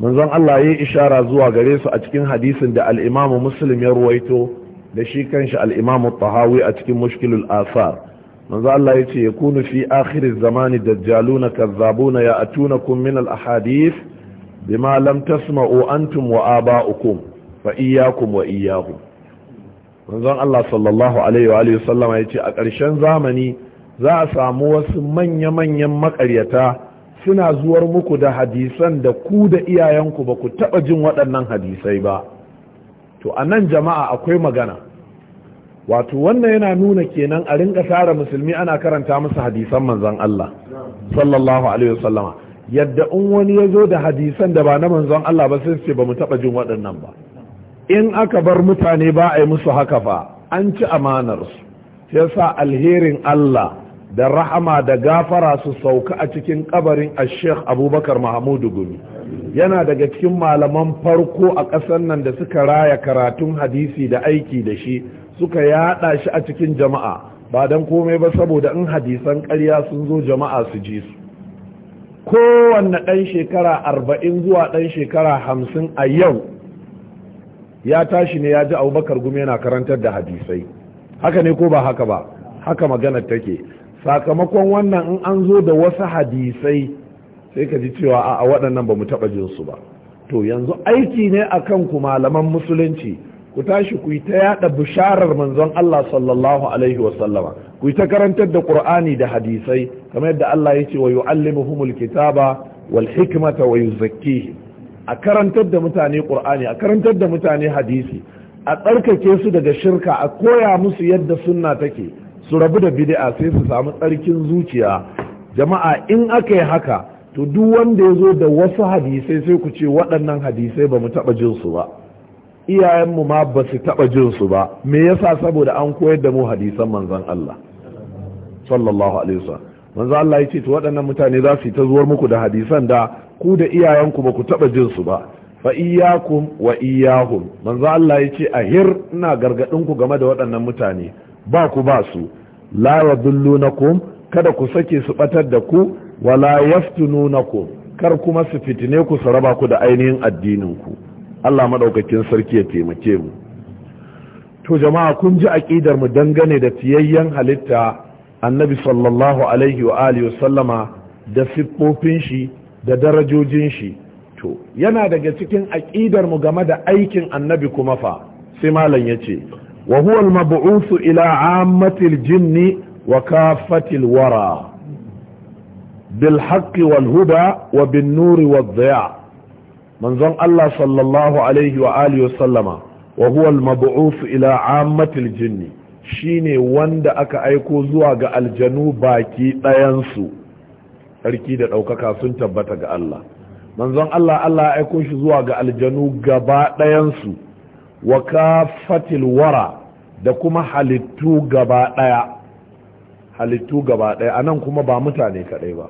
manzon Allah ya yi ishara zuwa gare su a cikin hadisin da al'imamu muslim ya ruwaito da shi kanshi al'imamu tahawi a cikin mushkilul asar manzon Allah ya ce ya kunu fi akhiri zamani dajjaluna kazzabuna ya atuna kun min al-ahadith bima lam tasma'u antum wa aba'ukum fa iyyakum wa iyyahum manzon Allah sallallahu alaihi wa sallama ya ce a ƙarshen zamani za a samu wasu manya-manyan maƙaryata suna zuwar muku da hadisan da ku da iyayenku ba ku taɓa jin waɗannan hadisai ba to a nan jama'a akwai magana wato wannan yana nuna kenan a rinka tsara musulmi ana karanta musu hadisan manzon Allah sallallahu alaihi wasallama yadda in wani ya zo da hadisan da ba na manzon Allah ba sai ce ba mu taɓa jin waɗannan ba in aka bar mutane ba a yi musu haka fa an ci amanarsu sai sa alherin Allah da rahama da gafara su sauka a cikin kabarin ashek abubakar mahamudu gumi yana daga cikin malaman farko a ƙasar nan da suka raya karatun hadisi da aiki da shi suka yada shi a cikin jama'a ba don komai ba saboda in hadisan ƙarya sun zo jama'a su ji su kowanne ɗan shekara arba'in zuwa ɗan shekara hamsin a yau ya tashi ne ya ji abubakar gumi yana karantar da hadisai haka ne ko ba haka ba haka maganar take sakamakon wannan in an zo da wasu hadisai sai ka ji cewa a waɗannan ba mu taɓa jin su ba to yanzu aiki ne akan ku malaman musulunci ku tashi ku yi ta yaɗa bisharar manzon Allah sallallahu alaihi wasallama ku yi ta karantar da ƙur'ani da hadisai kamar yadda Allah ya ce wa yu'allimuhumul kitaba wal hikmata wa yuzakkihi a karantar da mutane ƙur'ani, a karantar da mutane hadisi a tsarkake su daga shirka a koya musu yadda sunna take su rabu da bid'a sai su samu tsarkin zuciya jama'a in aka yi haka to duk wanda ya zo da wasu hadisai sai ku ce waɗannan hadisai ba mu taɓa jin su ba iyayenmu ma ba su taɓa jin su ba me yasa saboda an koyar da mu hadisan manzon Allah sallallahu alaihi wasallam manzo Allah ya ce to waɗannan mutane za su yi ta zuwar muku da hadisan da ku da iyayenku ba ku taɓa jin su ba fa iyyakum wa iyyahum manzo Allah ya ce ahir ina gargadin ku game da waɗannan mutane ba ku ba su la ku. kada ku sake su batar da ku wala ku. kar kuma su fitine ku su raba ku da ainihin addinin ku Allah madaukakin sarki ya taimake mu to jama'a kun ji aqidar mu dangane da tiyayyen halitta annabi sallallahu alaihi wa alihi sallama da siffofin shi da darajojin shi to yana daga cikin aqidar mu game da aikin annabi kuma fa sai malam yace wa huwa al ila 'ammati al-jinn wa kaffati al-wara bil haqqi wa bin nuri wad dhiya manzon Allah sallallahu alaihi wa alihi wa sallama wa huwa al-mab'uth ila 'ammati al-jinn shine wanda aka aiko zuwa ga aljanu baki ɗayansu da ɗaukaka sun ga Allah ya aiko shi zuwa ga aljanu gaba wa kafatil wara da kuma halittu gaba daya halittu gaba daya anan kuma ba mutane kadai ba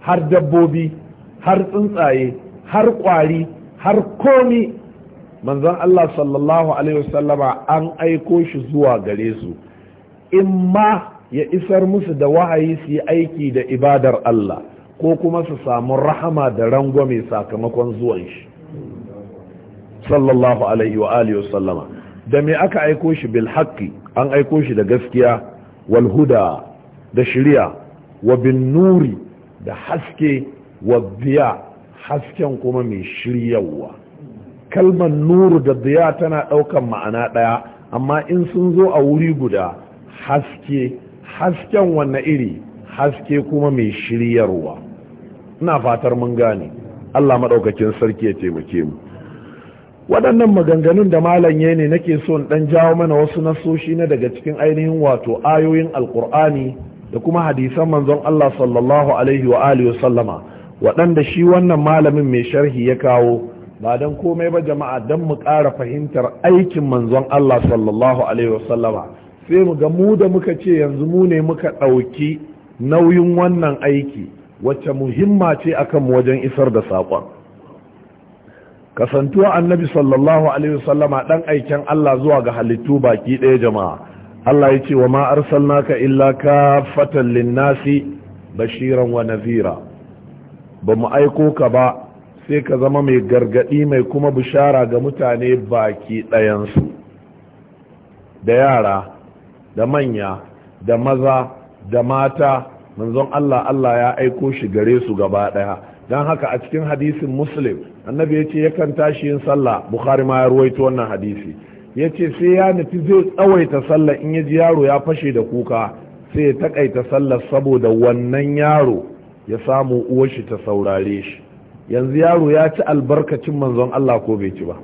har dabbobi har tsuntsaye har kwari har komi manzon Allah sallallahu alaihi wasallama an aiko shi zuwa gare su in ma ya isar musu da wahayi su yi aiki da ibadar Allah ko kuma su samu rahama da rangwame sakamakon zuwan shi sallallahu alaihi wa alihi wasallama da me aka aiko shi bil haqqi an aiko shi da gaskiya wal huda da shari'a wa bin nuri da haske wa biya hasken kuma mai shiryawa kalmar nuru da biya tana daukan ma'ana daya amma in sun zo a wuri guda haske hasken wanne iri haske kuma mai shiryarwa ina fatar mun gane Allah maɗaukacin sarki ya taimake mu waɗannan maganganun da malam ya ne nake so in ɗan jawo mana wasu nasoshi na daga cikin ainihin wato ayoyin alkur'ani da kuma hadisan manzon Allah sallallahu alaihi wa alihi wa sallama waɗanda shi wannan malamin mai sharhi ya kawo ba don komai ba jama'a don mu ƙara fahimtar aikin manzon Allah sallallahu alaihi wa sallama sai mu ga mu da muka ce yanzu mu ne muka ɗauki nauyin wannan aiki wacce muhimma ce akan wajen isar da saƙon kasantuwa annabi sallallahu alaihi wasallama dan aikin Allah zuwa ga halittu baki ɗaya jama'a Allah ya ce wa ma arsalnaka illa kafatan linnasi bashiran wa nadhira ba mu aiko ka ba sai ka zama mai gargadi mai kuma bishara ga mutane baki ɗayansu da yara da manya da maza da mata manzon Allah Allah ya aiko shi gare su gaba ɗaya dan haka a cikin hadisin muslim annabi ya ce yakan tashi yin sallah bukhari ma ya ruwaito wannan hadisi ya ce sai ya nufi zai tsawaita sallah in ya ji yaro ya fashe da kuka sai ya takaita sallah saboda wannan yaro ya samu uwashi ta saurare shi yanzu yaro ya ci albarkacin manzon Allah ko bai ci ba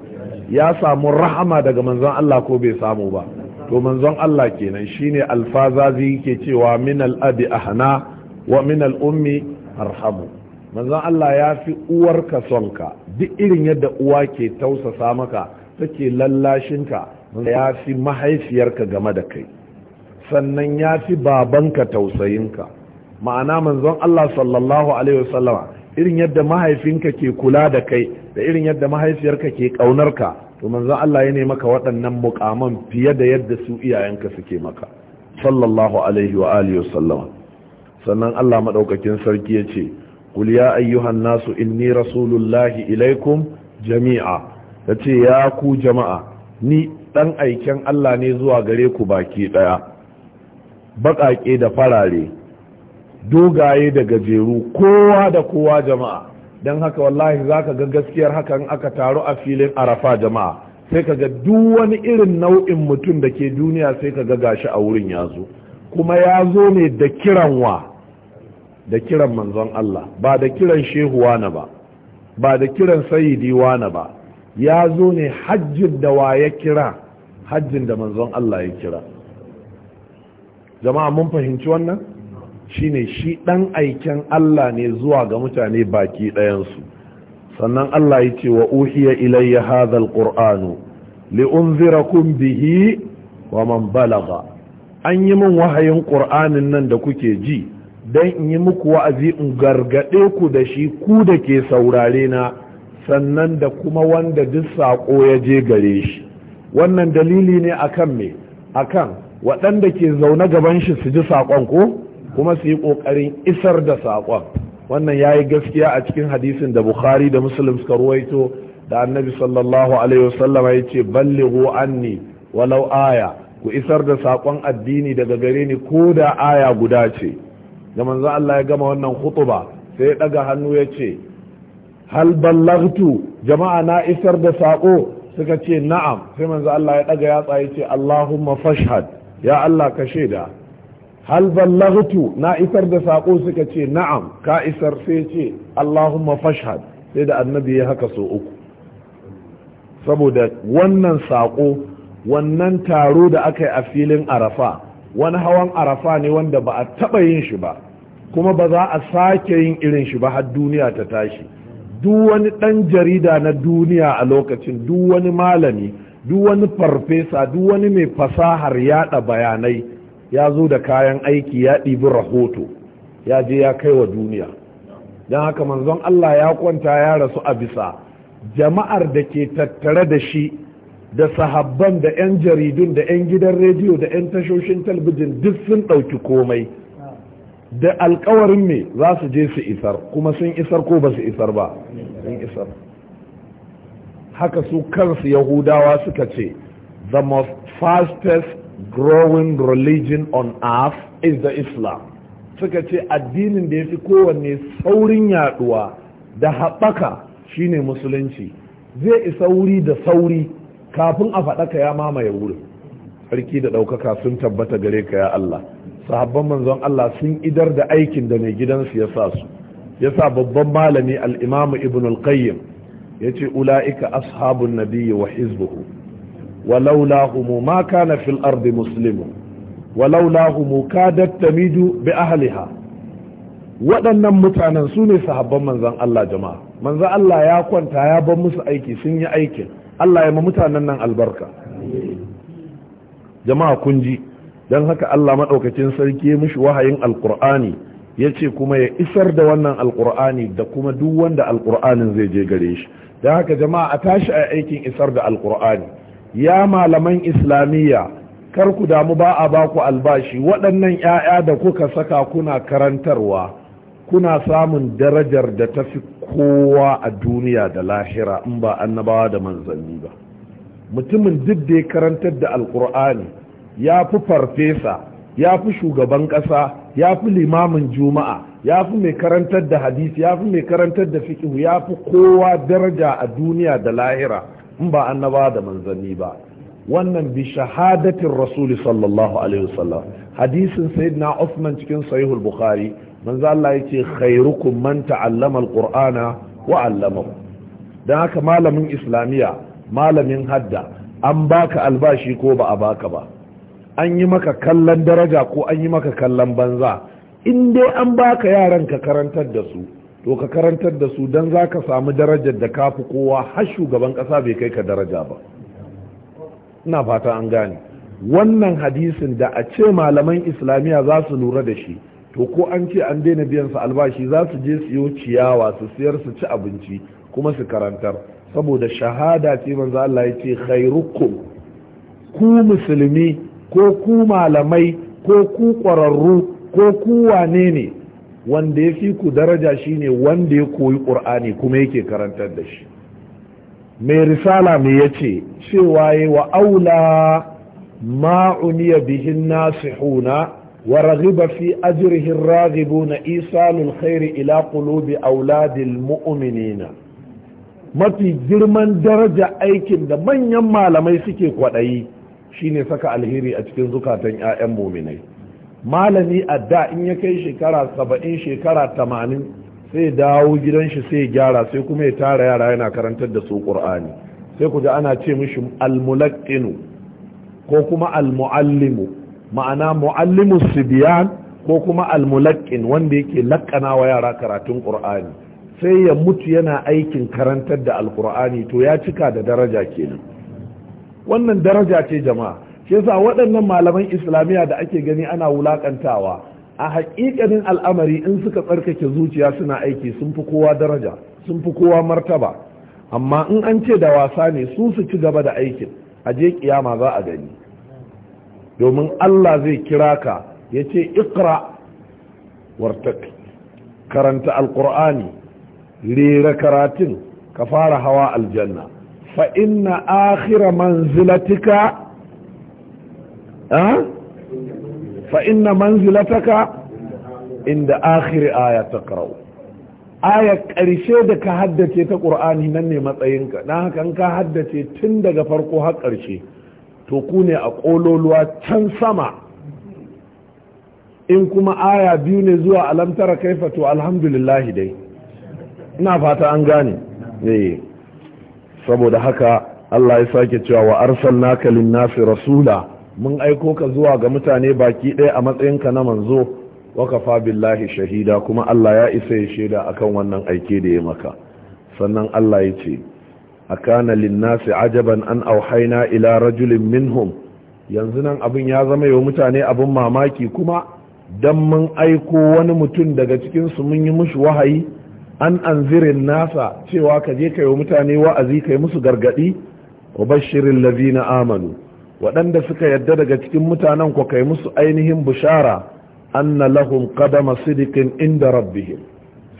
ya samu rahama daga manzon Allah ko bai samu ba to manzon Allah kenan shine alfazazi yake cewa min al-abi ahna wa min al-ummi arhamu Manzan Allah ya fi uwarka sonka duk irin yadda uwa ke tausasa maka take lallashinka ya fi mahaifiyarka game da kai sannan ya fi babanka tausayinka ma'ana manzon Allah sallallahu alaihi wasallama irin yadda mahaifinka ke kula da kai da irin yadda mahaifiyarka ke kaunarka to manzon Allah ya maka waɗannan muƙaman fiye da yadda su iyayenka suke maka sallallahu alaihi wa alihi wasallama sannan Allah madaukakin sarki ya ce qul ya ayyuhan nasu inni rasulullahi ilaikum jami'a yace ya ku jama'a ni dan aiken Allah ne zuwa gare ku baki daya bakake da farare dogaye da gajeru kowa da kowa jama'a don haka wallahi za ka ga gaskiyar hakan aka taru a filin arafa jama'a sai kaga ga duk wani irin nau'in mutum da ke duniya sai ka ga shi a wurin ya kuma ya zo ne da kiranwa. da kiran manzon Allah ba da kiran shehu wana ba ba da kiran sayidi wana ba ya zo ne hajjin da wa ya kira hajjin da manzon Allah ya kira jama'a mun fahimci wannan shine shi ɗan aiken Allah ne zuwa ga mutane baki ɗayansu sannan Allah ya ce wa uhiya ilayya hadhal qur'anu li'unzirakum bihi wa man balagha an yi min wahayin qur'anin nan da kuke ji don in yi muku wa'azi in gargaɗe ku da shi ku da ke saurare na sannan da kuma wanda duk saƙo ya je gare shi wannan dalili ne akan me akan waɗanda ke zaune gaban shi su ji saƙon ko kuma su yi ƙoƙarin isar da saƙon wannan ya yi gaskiya a cikin hadisin da bukhari da muslim suka ruwaito da annabi sallallahu alaihi wasallam ya ce ballighu anni walau aya ku isar da saƙon addini daga gare ni ko da aya guda ce da manzo Allah ya gama wannan khutuba sai ya daga hannu ya ce hal ballagtu jama'a na isar da sako suka ce na'am sai manzo Allah ya daga yatsa ya ce Allahumma fashhad ya Allah ka shaida hal ballagtu na isar da sako suka ce na'am ka isar sai ce Allahumma fashhad sai da annabi ya haka so uku saboda wannan sako wannan taro da aka yi a filin arafa wani hawan arafa ne wanda ba a taɓa yin shi ba kuma ba za a sake yin irin shi ba har duniya ta tashi duk wani ɗan jarida na duniya a lokacin duk wani malami duk wani farfesa duk wani mai fasahar yaɗa bayanai ya zo da kayan aiki ya ɗibi rahoto ya je ya kai wa duniya don haka manzon Allah ya kwanta ya rasu a bisa jama'ar da ke tattare da shi da sahabban da 'yan jaridun da 'yan gidan rediyo da 'yan tashoshin talbijin duk sun ɗauki komai da alkawarin me za su je su isar kuma sun isar ko ba su isar ba sun isar haka su kansu yahudawa suka ce the most fastest growing religion on earth is the islam suka ce addinin da ya fi kowanne saurin yaɗuwa da haɓaka shine musulunci zai isa wuri da sauri kafin a faɗaka ya mamaye wurin sarki da ɗaukaka sun tabbata gare ka ya Allah sahabban manzon Allah sun idar da aikin da mai gidansu ya sa su ya sa babban malami al'imamu ibn al-qayyim ya ce ula'ika ashabun nabiyyi wa hizbuhu walau lahumu ma kana fil ardi muslimun walau lahumu kadat tamidu bi ahliha waɗannan mutanen su ne sahabban manzon Allah jama'a manzon Allah ya kwanta ya ban musu aiki sun yi aikin Allah ya ma mutanen nan albarka jama'a kun ji don haka Allah maɗaukacin sarki mishi wahayin alkur'ani ya ce kuma ya isar da wannan alkur'ani da kuma duk wanda Alƙur'anin zai je gare shi don haka jama'a a tashi a aikin isar da alkur'ani ya malaman islamiyya kar ku damu ba a baku albashi waɗannan 'ya'ya da kuka saka kuna karantarwa kuna samun darajar da ta fi kowa a duniya da lahira in ba annabawa da manzanni ba mutumin duk da ya karantar da alkur'ani ya fi farfesa ya fi shugaban ƙasa ya fi limamin juma'a ya fi mai karantar da hadisi ya fi mai karantar da fikihu ya fi kowa daraja a duniya da lahira in ba annabawa da manzanni ba wannan bi shahadatin rasuli sallallahu alaihi wasallam hadisin sayyidina usman cikin sahihul bukhari manzo Allah yace khairukum man ta'allama alqur'ana wa 'allamahu dan haka malamin islamiya malamin hadda an baka albashi ko ba a baka ba an yi maka kallon daraja ko an yi maka kallon banza in dai an baka yaran ka karantar da su to ka karantar da su dan zaka samu darajar da kafi kowa har shugaban kasa bai kai ka daraja ba ina fata an gane wannan hadisin da a ce malaman islamiya za su lura da shi to ko an ce an daina biyan su albashi za su je siyo ciyawa su siyar su ci abinci kuma su karantar saboda shahada ce manzo Allah ya ce khairukum ku musulmi ko ku malamai ko ku ƙwararru ko ku wane ne wanda ya fi ku daraja shine wanda ya koyi ƙur'ani kuma yake karantar da shi mai risala mai ya ce cewa yi wa aula ma'uniya bihin nasihuna ورغب في أجره الراغبون إيصال الخير إلى قلوب أولاد المؤمنين mafi girman daraja aikin da manyan malamai suke kwaɗayi shine saka alheri a cikin zukatan 'ya'yan muminai malami a da in ya kai shekara saba'in shekara tamanin sai ya dawo gidan shi sai ya gyara sai kuma ya tara yara yana karantar da su ƙur'ani sai ku ji ana ce mishi almulaƙinu ko kuma almuallimu ma'ana mu'allimus sibiyan ko kuma almulakin wanda yake lakana wa yara karatun qur'ani sai ya mutu yana aikin karantar da alqur'ani to ya cika da daraja kenan wannan daraja ce jama'a shi yasa waɗannan malaman islamiyya da ake gani ana wulakantawa a haƙiƙanin al'amari in suka tsarkake zuciya suna aiki sun fi kowa daraja sun fi kowa martaba amma in an ce da wasa ne su su ci gaba da aikin a je kiyama za a gani domin Allah zai kira ka ya ce ikra wartaki karanta alkur'ani rera karatun ka fara hawa aljanna fa inna akhira manzilatika ah? fa inna manzilataka inda akhiri aya ta karau aya ƙarshe da ka haddace ta ƙur'ani nan ne matsayinka na haka ka haddace tun daga farko har ƙarshe to ku ne a ƙololuwa can sama in kuma aya biyu ne zuwa alamtara kaifa to alhamdulillahi dai ina fata an gane ne eh. saboda haka Allah ya sake cewa wa arsalnaka lin-nasi rasula mun aiko ka zuwa ga mutane baki ɗaya a matsayin ka na manzo wa kafa billahi shahida kuma Allah ya isa ya shaida akan wannan aike da ya maka sannan Allah ya ce akana linnasi ajaban an auhaina ila rajulin minhum yanzu nan abin ya zama yau mutane abin mamaki kuma dan mun aiko wani mutum daga cikin su mun yi mushi wahayi an anzirin nasa cewa ka je kai mutane wa'azi kai musu gargadi wa bashirin lazina amanu waɗanda suka yadda daga cikin mutanen ku kai musu ainihin bushara anna lahum qadama sidiqin inda rabbihim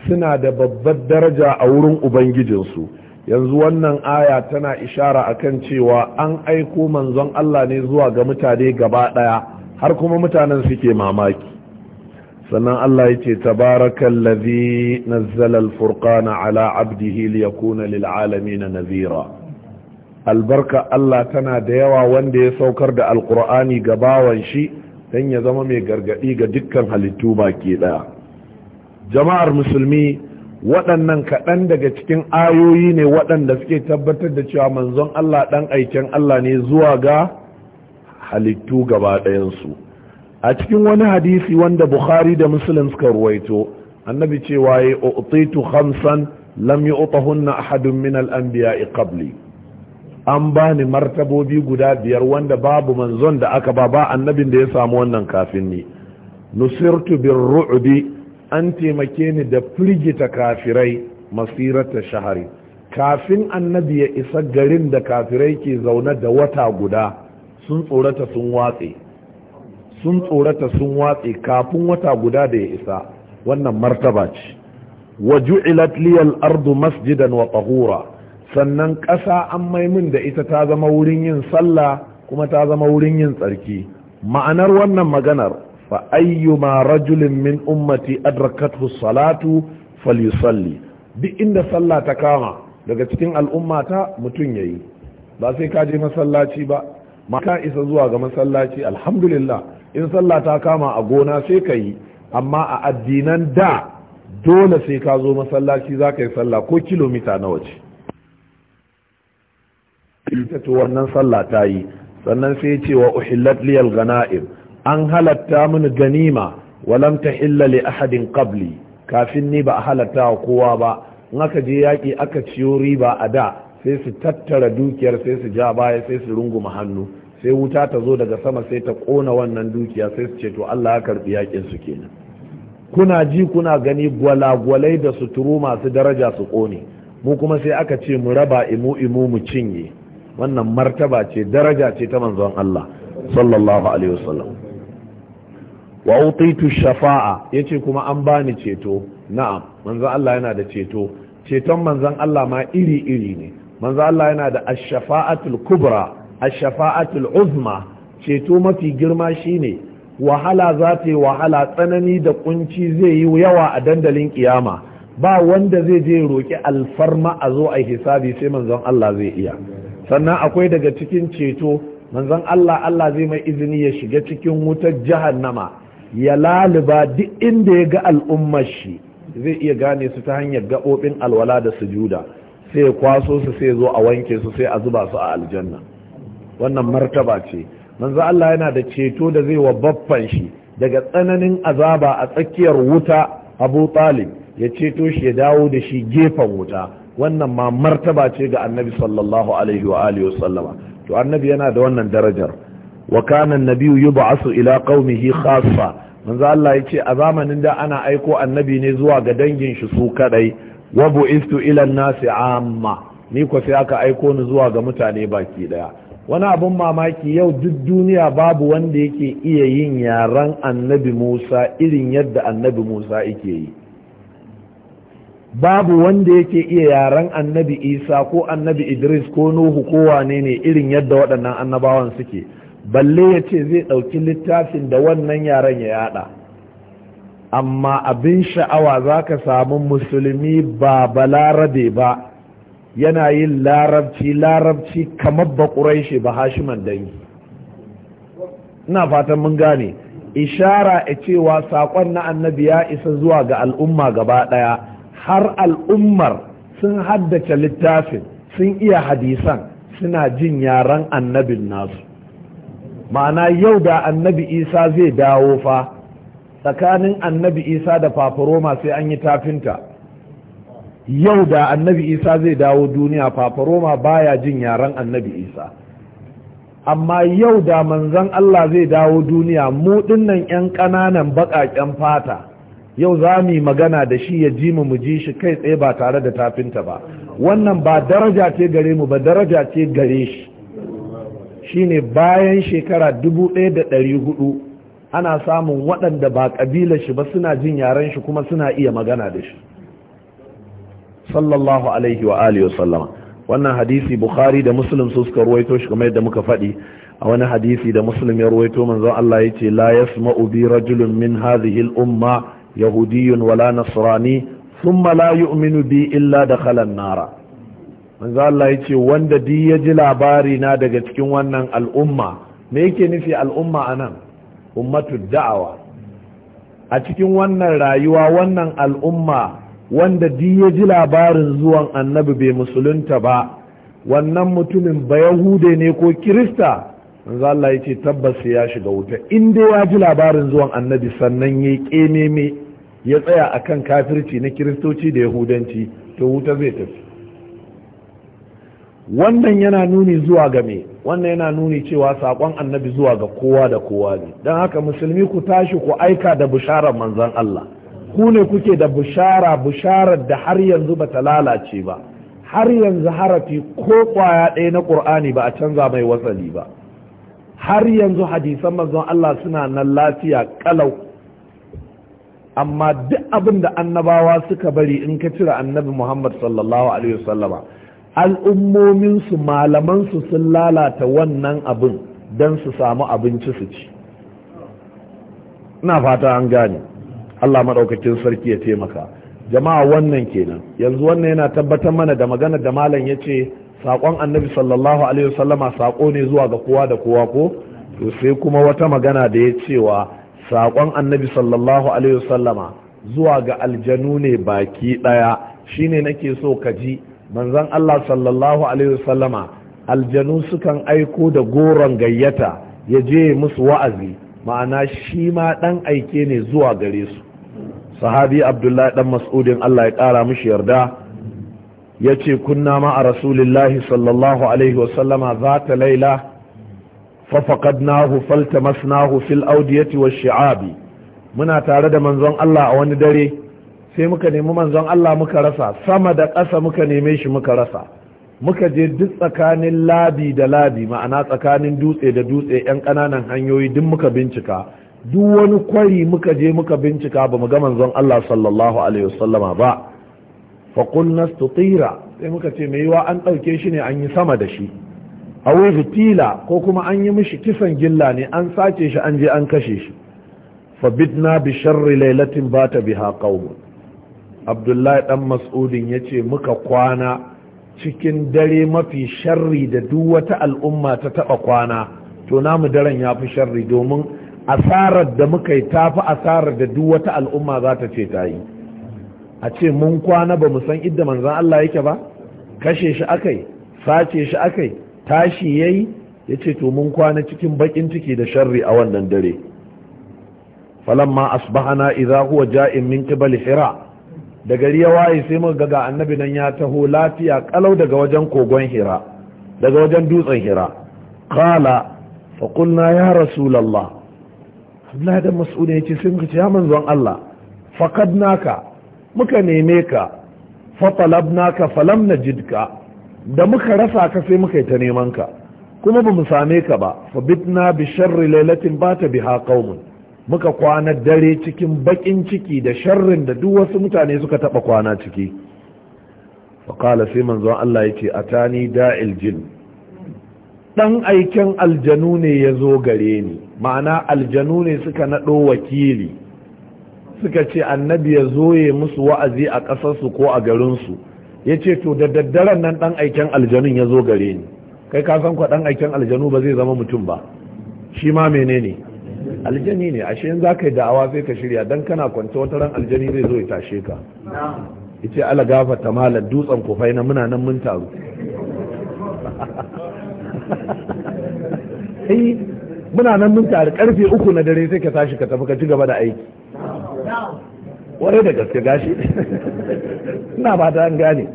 suna da babbar daraja a wurin ubangijinsu yanzu wannan aya tana ishara akan cewa an aiko manzon Allah ne zuwa ga mutane gaba har kuma mutanen suke mamaki sannan Allah ya ce tabarakan lazi nazzalal ala abdihi liyakuna lil alamin nazira albarka Allah tana da yawa wanda ya saukar da alqur'ani ga bawan shi dan ya zama mai gargadi ga dukkan halittu baki ɗaya jama'ar musulmi waɗannan kaɗan daga cikin ayoyi ne waɗanda suke tabbatar da cewa manzon Allah ɗan aiken Allah ne zuwa ga halittu gaba ɗayansu a cikin wani hadisi wanda bukhari da muslim suka ruwaito annabi cewa ya utitu khamsan lam yu'tahunna ahadun min al anbiya qabli an bani martabobi guda biyar wanda babu manzon da aka ba ba annabin da ya samu wannan kafin ni nusirtu bir ru'bi an taimake ni da firgita kafirai masirata shahari kafin annabi ya isa garin da kafirai ke zaune da wata guda sun tsorata sun watse sun tsorata sun watse kafin wata guda da ya isa wannan martaba ce wa ju'ilat ardu masjidan wa tahura sannan ƙasa an maimun da ita ta zama wurin yin sallah kuma ta zama wurin yin tsarki ma'anar wannan maganar fa ayyuma rajulin min ummati adrakathu salatu falyusalli duk inda sallah ta kama daga cikin al'ummata mutum yayi ba sai ka je masallaci ba ma ka isa zuwa ga masallaci alhamdulillah in sallah ta kama a gona sai ka yi amma a addinan da dole sai ka zo masallaci za ka yi sallah ko kilomita nawa ce ita ce wannan sallah ta yi sannan sai ce wa uhillat liyal ghana'im an halatta mini ganima walam tahilla li ahadin qabli kafin ni ba a halatta wa kowa ba in aka je yaƙi aka ciyo riba a da sai su tattara dukiyar sai su ja baya sai su runguma hannu sai wuta ta zo daga sama sai ta kona wannan dukiya sai su ce to Allah ya karbi yakin su kenan kuna ji kuna gani gwalagwalai da suturu masu daraja su ƙone mu kuma sai aka ce mu raba imu imu mu cinye wannan martaba ce daraja ce ta manzon Allah sallallahu alaihi wasallam wa utitu shafa'a yace kuma an bani ceto na'am manzo Allah yana da ceto ceton manzon Allah ma iri iri ne manzo Allah yana da ash-shafa'atul kubra ash-shafa'atul uzma ceto mafi girma shine wahala za ta yi wahala tsanani da kunci zai yi yawa a dandalin kiyama ba wanda zai je roki alfarma a zo a hisabi sai manzon Allah zai iya sannan akwai daga cikin ceto manzon Allah Allah zai mai izini ya shiga cikin wutar jahannama ya laluba duk inda ya ga al'ummar shi zai iya gane su ta hanyar gaɓoɓin alwala da sujuda sai ya kwaso su sai zo a wanke su sai a zuba su a aljanna wannan martaba ce manzo Allah yana da ceto da zai wa baffan shi daga tsananin azaba a tsakiyar wuta Abu Talib ya ceto shi ya dawo da shi gefen wuta wannan ma martaba ce ga Annabi sallallahu alaihi wa alihi to Annabi yana da wannan darajar wa kana yuba asu asu ila qaumihi khassa manzo Allah yace a zamanin da ana aiko annabi ne zuwa ga dangin shi su kadai wa istu ila nasi amma ni ko sai aka aiko ni zuwa ga mutane baki daya wani abun mamaki yau duk duniya babu wanda yake iya yin yaran annabi Musa irin yadda annabi Musa yake yi babu wanda yake iya yaran annabi Isa ko annabi Idris ko Nuhu ko wane ne irin yadda waɗannan annabawan suke balle ya ce zai ɗauki littafin da wannan yaren ya yada amma abin sha'awa za ka samu musulmi ba balarabe ba yana yin larabci larabci kamar bakurai shi ba hashiman dangi ina fatan mun gane ishara a cewa saƙon na annabi ya isa zuwa ga al'umma gaba ɗaya har al'ummar sun haddace littafin sun iya hadisan suna jin yaren annabin nasu ma'ana yau da annabi isa zai dawo fa tsakanin annabi isa da fafaroma sai an yi tafinta yau da annabi isa zai dawo duniya fafaroma baya jin yaren annabi isa amma yau da manzan allah zai dawo duniya mu dinnan 'yan ƙananan baƙaƙen fata yau za mu yi magana da shi ya ji mu mu ji shi kai tsaye ba tare da tafinta ba wannan ba daraja ce gare mu ba daraja ce gare shi shine bayan shekara dubu ɗaya da ɗari hudu ana samun waɗanda ba ƙabilar shi ba suna jin yaren shi kuma suna iya magana da shi sallallahu alaihi wa alihi wa sallama wannan hadisi bukhari da muslim su suka ruwaito shi kamar yadda muka faɗi a wani hadisi da muslim ya ruwaito manzon Allah ya ce la yasma'u bi rajulun min hadhihi al-umma yahudiyyun wala nasrani thumma la yu'minu bi illa dakhala an-nara manzo Allah ya ce wanda di ya ji labari na daga cikin wannan al'umma me yake nufi al'umma a nan ummatu da'awa a cikin wannan rayuwa wannan al'umma wanda di ya ji labarin zuwan annabi bai musulunta ba wannan mutumin ba yahude ne ko kirista manzo Allah ya ce tabbas ya shiga wuta in dai ya ji labarin zuwan annabi sannan ya kememe ya tsaya akan kafirci na kiristoci da yahudanci to wuta zai tafi wannan yana nuni zuwa ga me wannan yana nuni cewa saƙon annabi zuwa ga kowa da kowa ne don haka musulmi ku tashi ku aika da bisharar manzon Allah ku ne kuke da bishara bisharar da har yanzu ba ta lalace ba har yanzu harafi ko kwaya ɗaya na ƙur'ani ba a canza mai wasali ba har yanzu hadisan manzon Allah suna nan lafiya kalau amma duk abin da annabawa suka bari in ka cire annabi Muhammad sallallahu alaihi wasallama al'ummominsu malamansu sun lalata wannan abin don su samu abinci su ci ina fata an gane Allah maɗaukakin sarki ya taimaka jama'a wannan kenan yanzu wannan yana tabbatar mana da magana da malam ya ce saƙon annabi sallallahu alaihi wasallama saƙo ne zuwa ga kowa da kowa ko to sai kuma wata magana da ya cewa saƙon annabi sallallahu alaihi wasallama zuwa ga aljanu ne baki ɗaya shine nake so ka ji manzon Allah sallallahu alaihi wasallama aljanu sukan aiko da goron gayyata ya je musu wa'azi ma'ana shi ma dan aike ne zuwa gare su sahabi abdullahi ɗan mas'udin Allah ya kara mushi yarda ya ce kunna ma a rasulillahi sallallahu alaihi wasallama za ta laila falta faltamasnahu fil audiyati wa shi'abi muna tare da manzon Allah a wani dare sai muka nemi manzon Allah muka rasa sama da ƙasa muka neme shi muka rasa muka je duk tsakanin labi da labi ma'ana tsakanin dutse da dutse 'yan ƙananan hanyoyi duk muka bincika duk wani kwari muka je muka bincika ba mu ga manzon Allah sallallahu alaihi wasallama ba fa qulna stutira sai muka ce mai yiwa an ɗauke shi ne an yi sama da shi a tila ko kuma an yi mishi kisan gilla ne an sace shi an je an kashe shi fa bidna bi sharri lailatin bata biha qaumun abdullahi dan mas'udin ya ce muka kwana cikin dare mafi sharri da duk wata al'umma ta taba kwana to namu daren ya fi sharri domin asarar da muka yi ta fi asarar da duk wata al'umma za ta ce ta yi a ce mun kwana ba mu san idda manzan Allah yake ba kashe shi akai sace shi akai tashi yayi yace to mun kwana cikin bakin ciki da sharri a wannan dare falamma asbahana idza huwa ja'in min qibali hira da gari ya waye sai muka ga annabi nan ya taho lafiya kalau daga wajen kogon hira daga wajen dutsen hira qala fa qulna ya rasulullah Abdullahi da Mas'ud ya ce sai muka ce ya manzon Allah naka muka neme ka fa talabnaka falam najidka da muka rasa ka sai muka yi ta neman ka kuma ba mu same ka ba fa bitna bi sharri lailatin bata biha qaumun muka kwana dare cikin bakin ciki da sharrin da duk wasu mutane suka taba kwana ciki faƙala sai manzon Allah ya ce a tani da'il jin ɗan aiken aljanu ne ya zo gare ni ma'ana aljanu ne suka naɗo wakili suka ce annabi ya zoye musu wa'azi a ƙasarsu ko a garinsu ya ce to da daddaren nan ɗan aiken aljanun ya zo gare ni kai ka san kwa ɗan aiken aljanu ba zai zama mutum ba shi ma menene aljani ne ashe in za ka yi da'awa sai ka shirya don kana kwanci wata ran aljani zai zo ya tashe ka ita ala gafa ta malar dutsen kufai na muna nan mun taru eh, muna nan mun taru karfe uku na dare sai ka tashi ka tafi ka ci gaba da aiki wani da gaske gashi ina ba ta an gane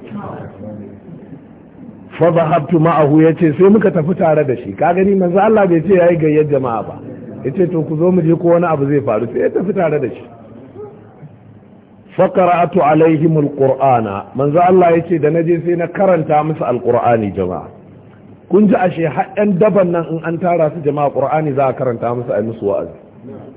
fa zahabtu ma'ahu yace sai muka tafi tare da shi ka gani manzo Allah bai ce yayi gayyar jama'a ba ya to ku zo mu je ko wani abu zai faru sai ya tafi tare da shi fakara'atu alaihim alqur'ana manzo Allah yace da naje sai na karanta musu alqur'ani jama'a kun ji ashe haɗan daban nan in an tara su jama'a qur'ani za a karanta musu ai musu wa'azi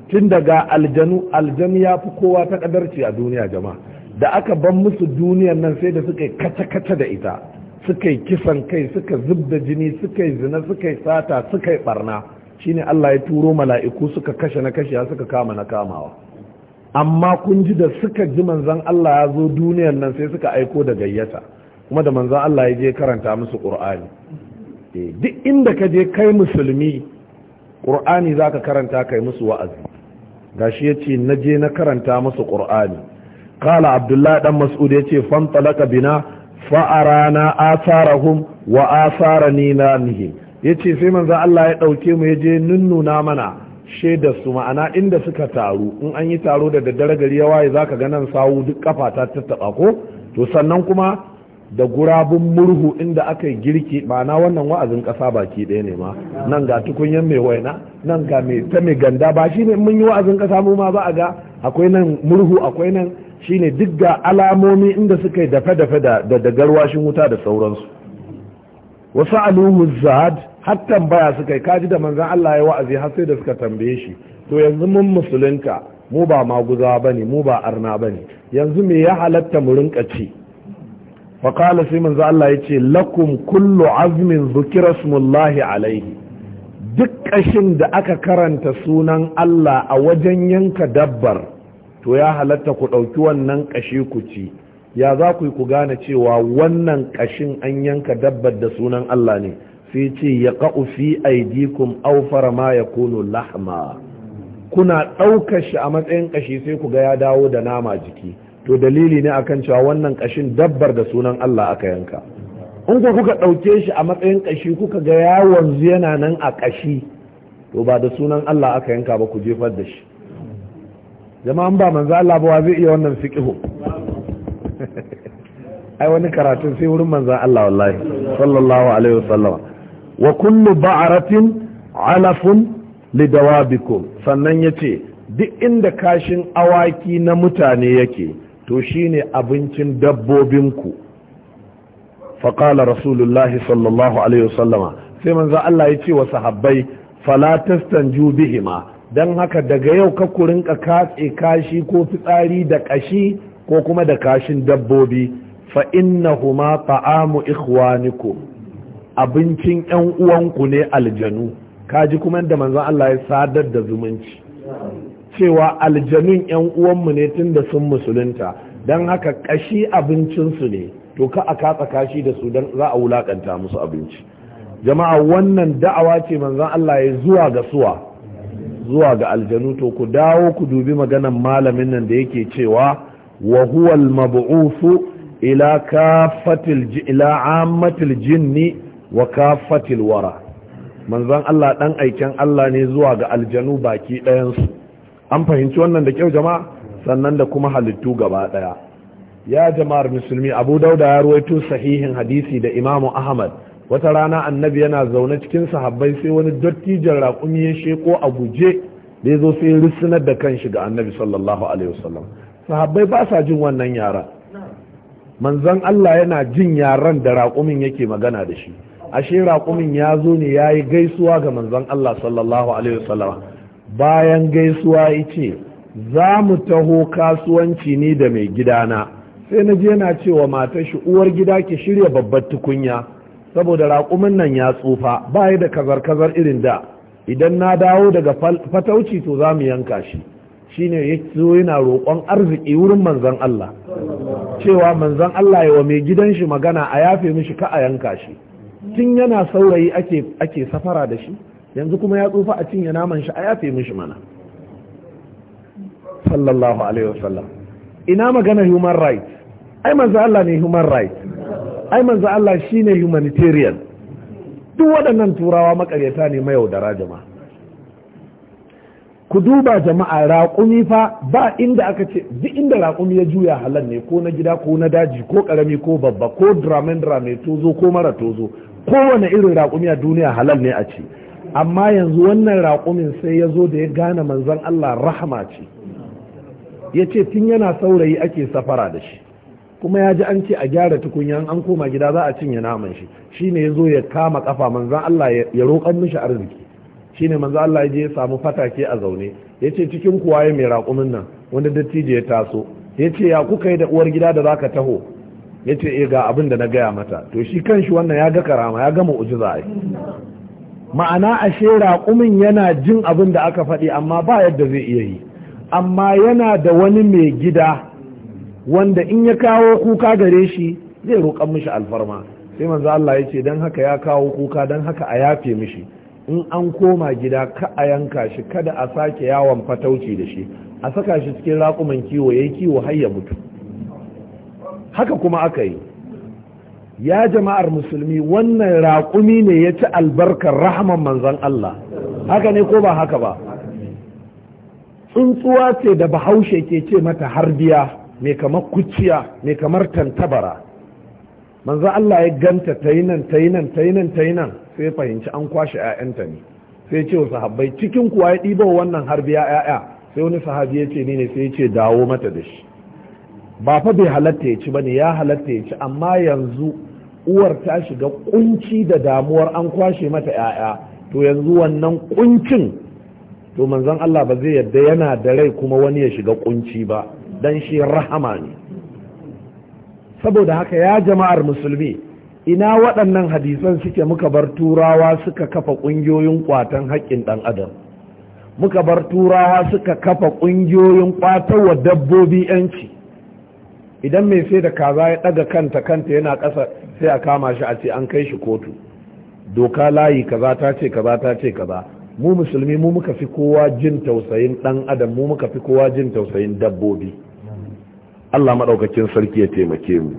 tun daga aljanu ya fi kowa ta kadarci a duniya jama'a da aka ban musu duniyar nan sai da suka yi kace-kace da ita suka kisan kai suka zub da jini suka zina suka sata suka barna shine Allah ya turo mala'iku suka kashe na kashe suka kama na kamawa amma kun ji da suka ji manzan Allah ya zo duniyar nan sai suka aiko da gayyata kuma da manzan Allah ya je karanta musu Qur'ani eh, duk inda ka je kai musulmi Qur'ani zaka karanta kai musu wa'azi gashi yace na je na karanta musu Qur'ani qala Abdullah dan Mas'ud yace fan talaka bina fa'arana atharahum wa na lanihim ya ce sai manza Allah ya ɗauke mu ya je nunnuna mana shaida su ma'ana inda suka taru in an yi taro da daddare gari ya waye za ka ganin sawu duk kafa ta tattaɓa ko to sannan kuma da gurabun murhu inda aka yi girki ma'ana wannan wa'azin ƙasa baki ɗaya ne ma nan ga tukunyen mai waina nan ga mai ta mai ganda ba shi ne mun yi wa'azin ƙasa mu ma ba a ga akwai nan murhu akwai nan ne duk ga alamomi inda suka yi dafe-dafe da da garwashin wuta da sauransu wasu aluhu zahad har tambaya suka yi kaji da manzan Allah ya wa'azi har sai da suka tambaye shi to yanzu mun musulunta mu ba maguza ne mu ba arna ba ne yanzu me ya halatta mu rinka ci fa qala sai manzo Allah ce lakum kullu azmin zukira smullahi alaihi duk kashin da aka karanta sunan Allah a wajen yanka dabbar to ya halatta ku dauki wannan kashi ku ci ya za ku yi ku gane cewa wannan kashin an yanka dabbar da sunan Allah ne sai ce ya ƙa'u fi aidikum aufara ma ya kono lahma kuna ɗaukar shi a matsayin ƙashi sai ku ga ya dawo da nama jiki to dalili ne akan cewa wannan ƙashin dabbar da sunan Allah aka yanka in ku kuka ɗauke shi a matsayin ƙashi kuka ga ya wanzu yana nan a ƙashi to ba da sunan Allah aka yanka ba ku jefar da shi jama'an ba manzo Allah ba zai iya wannan fiqhu ai wani karatun sai wurin manzo Allah wallahi sallallahu alaihi wasallam wa kullu ba'aratin alafun lidawabikum sannan yace duk inda kashin awaki na mutane yake to shine abincin dabbobinku faqala rasulullahi sallallahu alaihi wasallama sai manzo Allah yace wa sahabbai fala tastanju bihima dan haka daga yau ka ku rinka katse kashi ko fitsari da kashi ko kuma da kashin dabbobi fa innahuma ta'amu ikhwanikum abincin yan uwanku ne aljanu kaji kuma da manzon Allah ya sadar da zumunci cewa aljanun yan uwanmu ne tun da sun musulunta don haka kashi abincinsu ne to ka a katsa kashi da su don za a wulakanta musu abinci jama'a wannan da'awa ce manzon Allah ya zuwa ga suwa zuwa ga aljanu to ku dawo ku dubi maganan malamin nan da yake cewa wa huwa al ila kafatil ila ammatil jinni wa kafatil wara manzon Allah dan aiken Allah ne zuwa ga aljanu baki ɗayansu. an fahimci wannan da kyau jama'a sannan da kuma halittu gaba ɗaya ya jama'ar musulmi abu dauda ya ruwaito sahihin hadisi da imamu ahmad wata rana annabi yana zaune cikin sahabbai sai wani dattijan raƙumi ya sheko a guje da ya zo sai rissunar da kanshi ga annabi sallallahu alaihi wasallam sahabbai ba sa jin wannan yaran manzon Allah yana jin yaran da raƙumin yake magana da shi ashe raƙumin ya zo ne ya yi gaisuwa ga manzan Allah sallallahu alaihi wasallama bayan gaisuwa ya ce za mu taho kasuwanci ne da mai gidana sai na je na cewa matar shi uwar gida ke shirya babbar tukunya saboda raƙumin nan ya tsufa ba da kazar-kazar irin da idan na dawo daga fatauci to za mu yanka shi shine ya zo yana roƙon arziki wurin manzan Allah cewa manzan Allah ya wa mai gidan shi magana a yafe mishi ka a yanka shi tun yana saurayi ake safara da shi yanzu kuma ya tsufa a cinye naman shi a yafe mishi mana sallallahu alaihi wasallam ina magana human rights ai manzo Allah ne human rights ai manzo Allah shine humanitarian duk waɗannan turawa makaryata ne mayaudara jama'a ku duba jama'a raƙumi fa ba inda aka ce duk inda raƙumi ya juya halal ne ko na gida ko na daji ko ƙarami ko babba ko dramen drame tozo ko mara tozo kowane irin raƙumi a duniya halal ne a ce, amma yanzu wannan raƙumin sai ya zo da ya gane manzan Allah rahama ce ya ce tun yana saurayi ake safara da shi kuma ya ji an ce a gyara tukunyan an koma gida za a cinye naman shi Shi ne ya zo ya kama kafa manzan Allah ya roƙon mishi arziki shi ne manzan Allah ya je ya samu fatake a zaune ya ce cikin kuwaye mai raƙumin nan wanda dattijo ya taso ya ce ya kuka yi da uwar gida da ka taho ya ce e ga abin da na gaya mata to shi kanshi wannan ya ga karama ya gama ujiza za'a ma'ana ashe raƙumin yana jin abin da aka faɗi amma ba yadda zai iya yi amma yana da wani mai gida wanda in ya kawo kuka gare shi zai roƙan mishi alfarma sai manzo Allah ya ce don haka ya kawo kuka dan haka a yafe mishi in an koma gida ka a yanka shi kada a sake yawon fatauci da shi a saka shi cikin raƙuman kiwo yayi kiwo har ya mutu haka kuma aka yi ya jama'ar musulmi wannan raƙumi ne ya ci albarkar rahaman manzan Allah haka ne ko ba haka ba tsuntsuwa ce da bahaushe ke ce mata harbiya mai kamar kuciya mai kamar tantabara manzan Allah ya ganta ta yi nan ta yi nan ta yi nan ta yi nan sai fahimci an kwashe 'ya'yanta ne sai ce wasu habbai cikin kuwa ya ɗiba wannan harbiya 'ya'ya sai wani sahabi ya ce ni ne sai ya ce dawo mata da shi ba fa bai halatta ya ci bane ya halatta ya ci amma yanzu uwar ta shiga kunci da damuwar an kwashe mata 'ya'ya to yanzu wannan kuncin to manzon Allah ba zai yadda yana da rai kuma wani ya shiga kunci ba dan shi rahama ne saboda haka ya jama'ar musulmi ina waɗannan hadisan suke muka bar turawa suka kafa ƙungiyoyin kwatan haƙƙin ɗan adam muka bar turawa suka kafa ƙungiyoyin wa dabbobi 'yanci idan mai sai da kaza ya daga kanta kanta yana kasa sai a kama shi a ce an kai shi kotu doka layi kaza ta ce kaza ta ce kaza mu musulmi mu muka fi kowa jin tausayin dan adam mu muka fi kowa jin tausayin dabbobi Allah madaukakin sarki ya taimake mu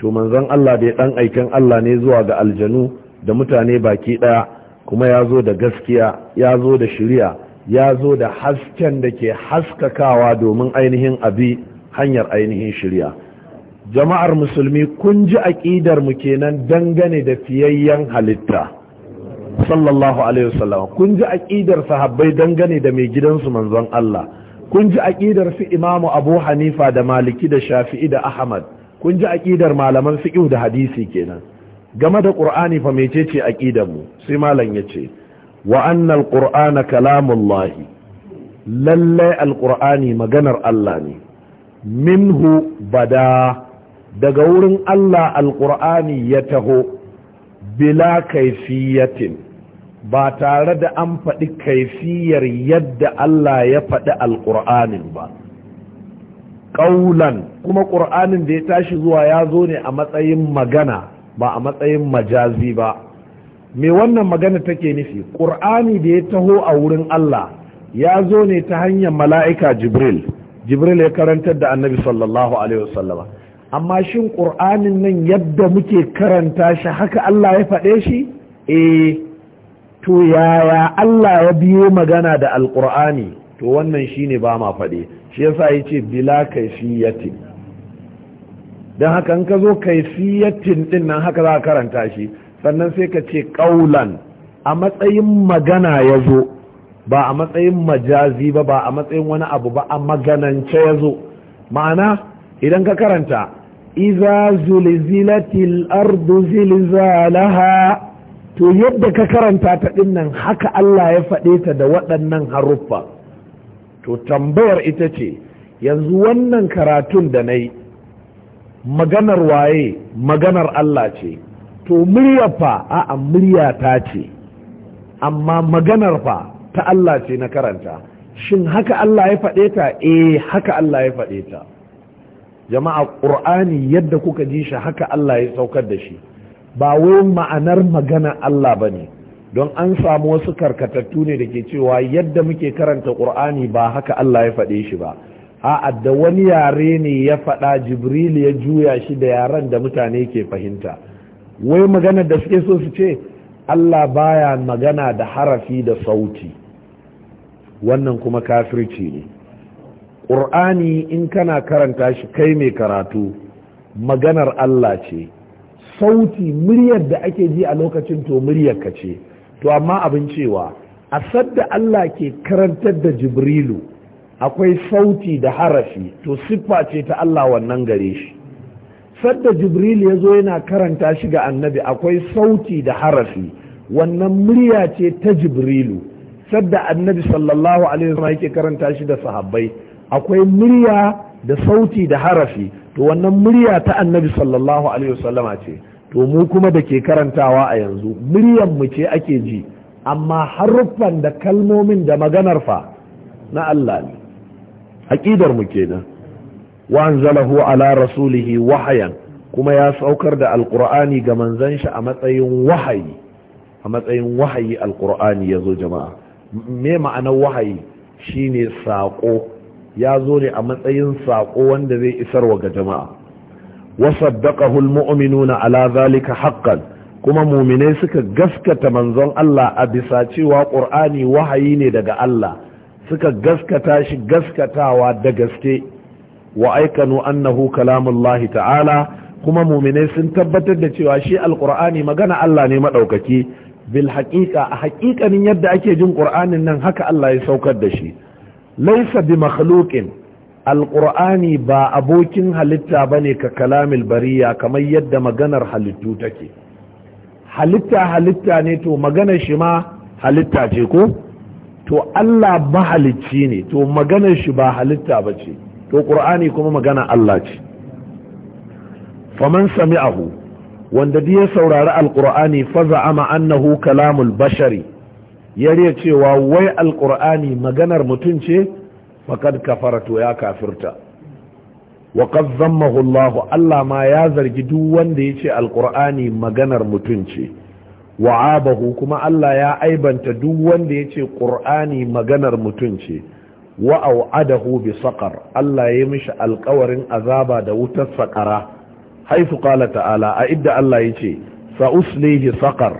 to manzon Allah da dan aikin Allah ne zuwa ga aljanu da mutane baki daya kuma ya zo da gaskiya ya zo da shiriya ya zo da hasken da ke haskakawa domin ainihin abi hanyar ainihin shirya jama'ar musulmi kun ji aƙidar mu kenan dangane da fiyayyen halitta sallallahu alaihi wasallam kun ji aƙidar sahabbai dangane da mai gidansu manzon Allah kun ji aƙidar su imamu abu hanifa da maliki da shafi'i da ahmad kun ji aƙidar malaman fiƙiu da hadisi kenan game da ƙur'ani fa mecece aƙidar mu sai malam ya ce wa annal ƙur'ana kalamullahi lallai alƙur'ani maganar Allah ne minhu bada daga wurin Allah alƙur'ani ya taho bila kaifiyatin ba tare da an faɗi kaifiyar yadda Allah ya faɗi alƙur'anin ba ƙaunan kuma ƙur'anin da ya tashi zuwa ya zo ne a matsayin magana ba a matsayin majazi ba me wannan magana take nufi ƙur'ani da ya taho a wurin Allah ya zo ne ta hanyar mala'ika jibril jibril ya karantar da annabi sallallahu alaihi wasallama amma shin ƙur'anin nan yadda muke karanta shi haka Allah ya faɗe shi eh to yaya Allah ya biyo magana da alƙur'ani to wannan shine ba ma faɗe shi yasa yace bila kaifiyatin dan haka in ka zo kaifiyatin din nan haka za ka karanta shi sannan sai ka ce qaulan a matsayin magana ya zo ba a matsayin majazi ba ba a matsayin wani abu ba a maganance ya zo ma'ana idan ka karanta iza zulzilatil ardu zilzalaha to yadda ka karanta ta dinnan haka Allah ya faɗe ta da waɗannan haruffa to tambayar ita ce yanzu wannan karatun da na maganar waye maganar Allah ce to muryar fa a'a murya ta ce amma maganar fa ta Allah ce na karanta shin haka Allah ya faɗe ta eh haka Allah ya faɗe ta jama'a ƙur'ani yadda kuka ji shi haka Allah ya saukar da shi ba wai ma'anar magana Allah ba ne don an samu wasu karkatattu ne da ke cewa yadda muke karanta ƙur'ani ba haka Allah ya faɗe shi ba a'a da wani yare ne ya faɗa jibril ya juya shi da yaren da mutane ke fahimta wai magana da suke so su ce Allah baya magana da harafi da sauti wannan kuma kafirci ne ƙur'ani in kana karanta shi kai mai karatu maganar Allah ce sauti muryar da ake ji a lokacin to muryar ka ce to amma abin cewa a sadda Allah ke karantar da jibrilu akwai sauti da harafi to siffa ce ta Allah wannan gare shi sadda jibrilu ya zo yana karanta shi ga annabi akwai sauti da harafi wannan murya ce ta jibrilu sadda annabi sallallahu alaihi wasallam yake karanta shi da sahabbai akwai murya da sauti da harafi to wannan murya ta annabi sallallahu alaihi wasallama ce to mu kuma da ke karantawa a yanzu muryan mu ce ake ji amma haruffan da kalmomin da maganar fa na Allah ne aqidar mu kenan wa anzalahu ala rasulihi wahayan kuma ya saukar da alqur'ani ga manzon shi a matsayin wahayi a matsayin wahayi alqur'ani yazo jama'a me ma'anar wahayi shine saƙo ya zo ne a matsayin saƙo wanda zai isar wa ga jama'a wasaddaqahu na ala zalika haqqan kuma mu'minai suka gaskata manzon Allah a bisa cewa Qur'ani wahayi ne daga Allah suka gaskata shi gaskatawa da gaske wa aikanu annahu kalamullahi ta'ala kuma mu'minai sun tabbatar da cewa shi alƙur'ani magana Allah ne maɗaukaki. bil haƙiƙa a haƙiƙanin yadda ake jin ƙur'anin nan haka Allah ya saukar da shi laisa bi makhluqin alƙur'ani ba abokin halitta bane ka kalamil bariya kamar yadda maganar halittu take halitta halitta ne to maganar shi ma halitta ce ko to Allah ba halicci ne to maganar shi ba halitta ba ce to ƙur'ani kuma magana Allah ce faman sami'ahu wanda duk ya saurari alqur'ani faza'ama annahu kalamul bashari yare cewa wai alkur'ani maganar mutum ce faqad kafara to ya kafirta wa qad zammahu Allah Allah ma ya zargi duk wanda yace alkur'ani maganar mutum ce wa'abahu kuma Allah ya aibanta duk wanda yace qur'ani maganar mutum ce wa'au'adahu bi saqar Allah ya mishi alƙawarin azaba da wutar saƙara haifu qala ta'ala a idda Allah ya ce sa'uslihi saƙar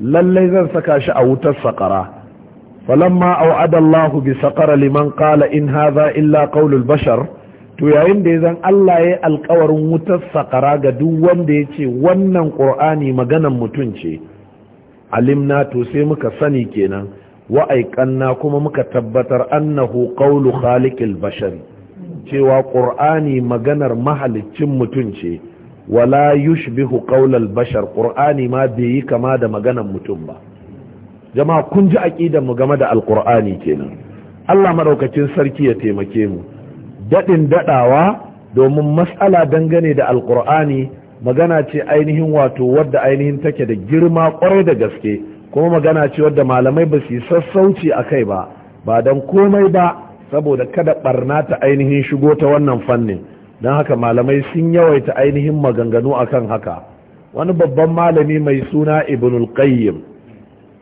lallai zan saka shi a wutar saƙara falamma au'ada Allahu bi saƙara liman kala in haza illa qawlul bashar to yayin da zan Allah ya alkawarin wutar saƙara ga duk wanda yace wannan ƙur'ani maganan mutun ce alimna to sai muka sani kenan wa'aikanna kuma muka tabbatar annahu ƙaulu khalikil bashar cewa ƙur'ani maganar mahaliccin mutun ce wala yushbihu qaulal bashar qur'ani ma bai yi kama da maganan mutum ba jama'a kun ji aqidan mu game da alqur'ani kenan Allah madaukakin sarki ya taimake mu dadin dadawa domin mas'ala dangane da alqur'ani magana ce ainihin wato wadda ainihin take da girma kwarai da gaske kuma magana ce wadda malamai ba su sassauci a kai ba ba dan komai ba saboda kada barna ta ainihin shigo ta wannan fannin don haka malamai sun yawaita ainihin maganganu a kan haka wani babban malami mai suna Ibn qayyim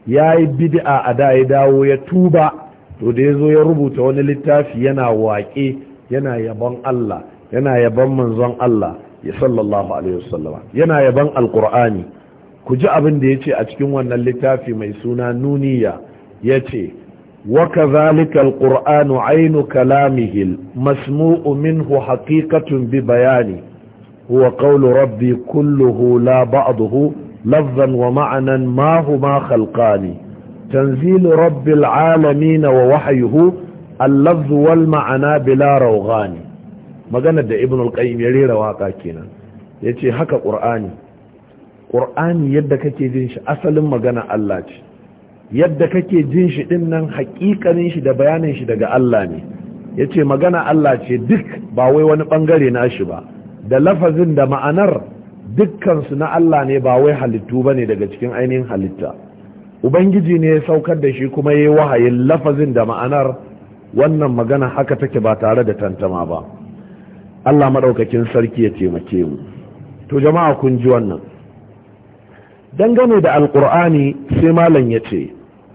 ya yi bid'a a da ya dawo ya tuba to da ya zo ya rubuta wani littafi yana waƙe yana yabon Allah yana yabon manzon Allah ya sallallahu alaihi wasallama yana yabon alkur'ani ku ji abin da ya ce a cikin wannan littafi mai suna nuniya ya ce وكذلك القرآن عين كلامه المسموع منه حقيقة ببيان هو قول ربي كله لا بعضه لفظا ومعنى ما هما خلقان تنزيل رب العالمين ووحيه اللفظ والمعنى بلا روغان maganar da ibn al-qayyim ya rera waka kenan yace haka qur'ani qur'ani yadda kake jin shi asalin magana Allah ce yadda kake jin shi din nan hakikanin shi da bayanin shi daga Allah ne yace magana Allah ce duk ba wai wani bangare na shi ba da lafazin da ma'anar dukkansu na Allah ne ba wai halittu ba bane daga cikin ainihin halitta ubangiji ne ya saukar da shi kuma yayi wahayin lafazin da ma'anar wannan magana haka take ba tare da tantama ba Allah madaukakin sarki ya taimake mu to jama'a kun ji wannan dangane da alkur'ani sai malam ya ce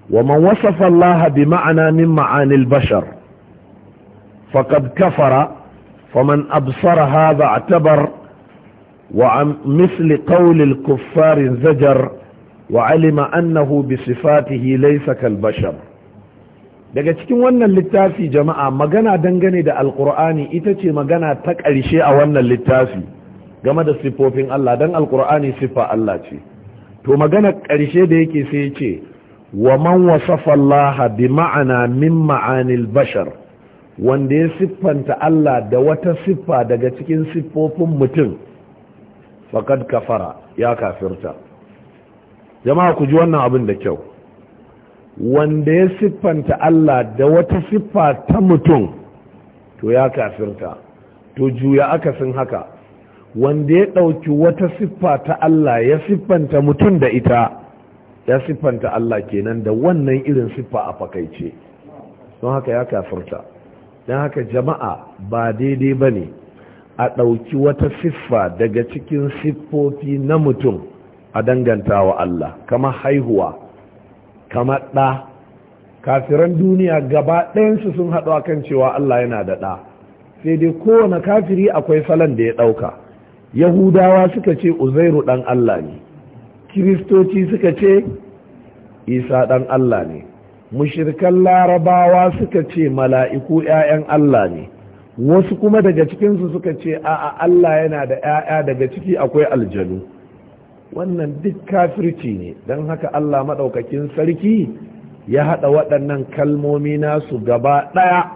ومن وصف الله بمعنى من معاني البشر فقد كفر فمن أبصر هذا اعتبر وعن مثل قول الكفار انزجر وعلم أنه بصفاته ليس كالبشر daga cikin wannan littafi jama'a magana dangane da alkur'ani ita ce magana ta ƙarshe a wannan littafi game da siffofin Allah don alkur'ani siffa Allah ce to magana ƙarshe da yake sai ce wa man wasafa Allah bi ma'ana min ma'anil bashar wanda ya siffanta Allah da wata siffa daga cikin siffofin mutum faqad kafara ya kafirta jama'a ku ji wannan abin da kyau wanda ya siffanta Allah da wata siffa ta mutum to ya kafirta to juya akasin haka wanda ya ɗauki wata siffa ta Allah ya siffanta mutum da ita ya siffanta Allah kenan da wannan irin siffa a fakaice don haka ya kafirta don haka jama'a ba daidai ba ne a ɗauki wata siffa daga cikin siffofi na mutum a danganta wa Allah kama haihuwa kama ɗa kafiran duniya gaba ɗayansu sun haɗu a kan cewa Allah yana da ɗa sai dai kowane kafiri akwai salon da ya ɗauka yahudawa suka ce uzairu ɗan Allah ne kiristoci suka ce isa ɗan allah ne mushirkan larabawa suka ce mala'iku 'ya'yan allah ne wasu kuma daga cikinsu suka ce a'a allah yana da 'ya'ya daga ciki akwai aljanu wannan duk kafirci ne don haka allah maɗaukakin sarki ya haɗa waɗannan kalmomi nasu gaba ɗaya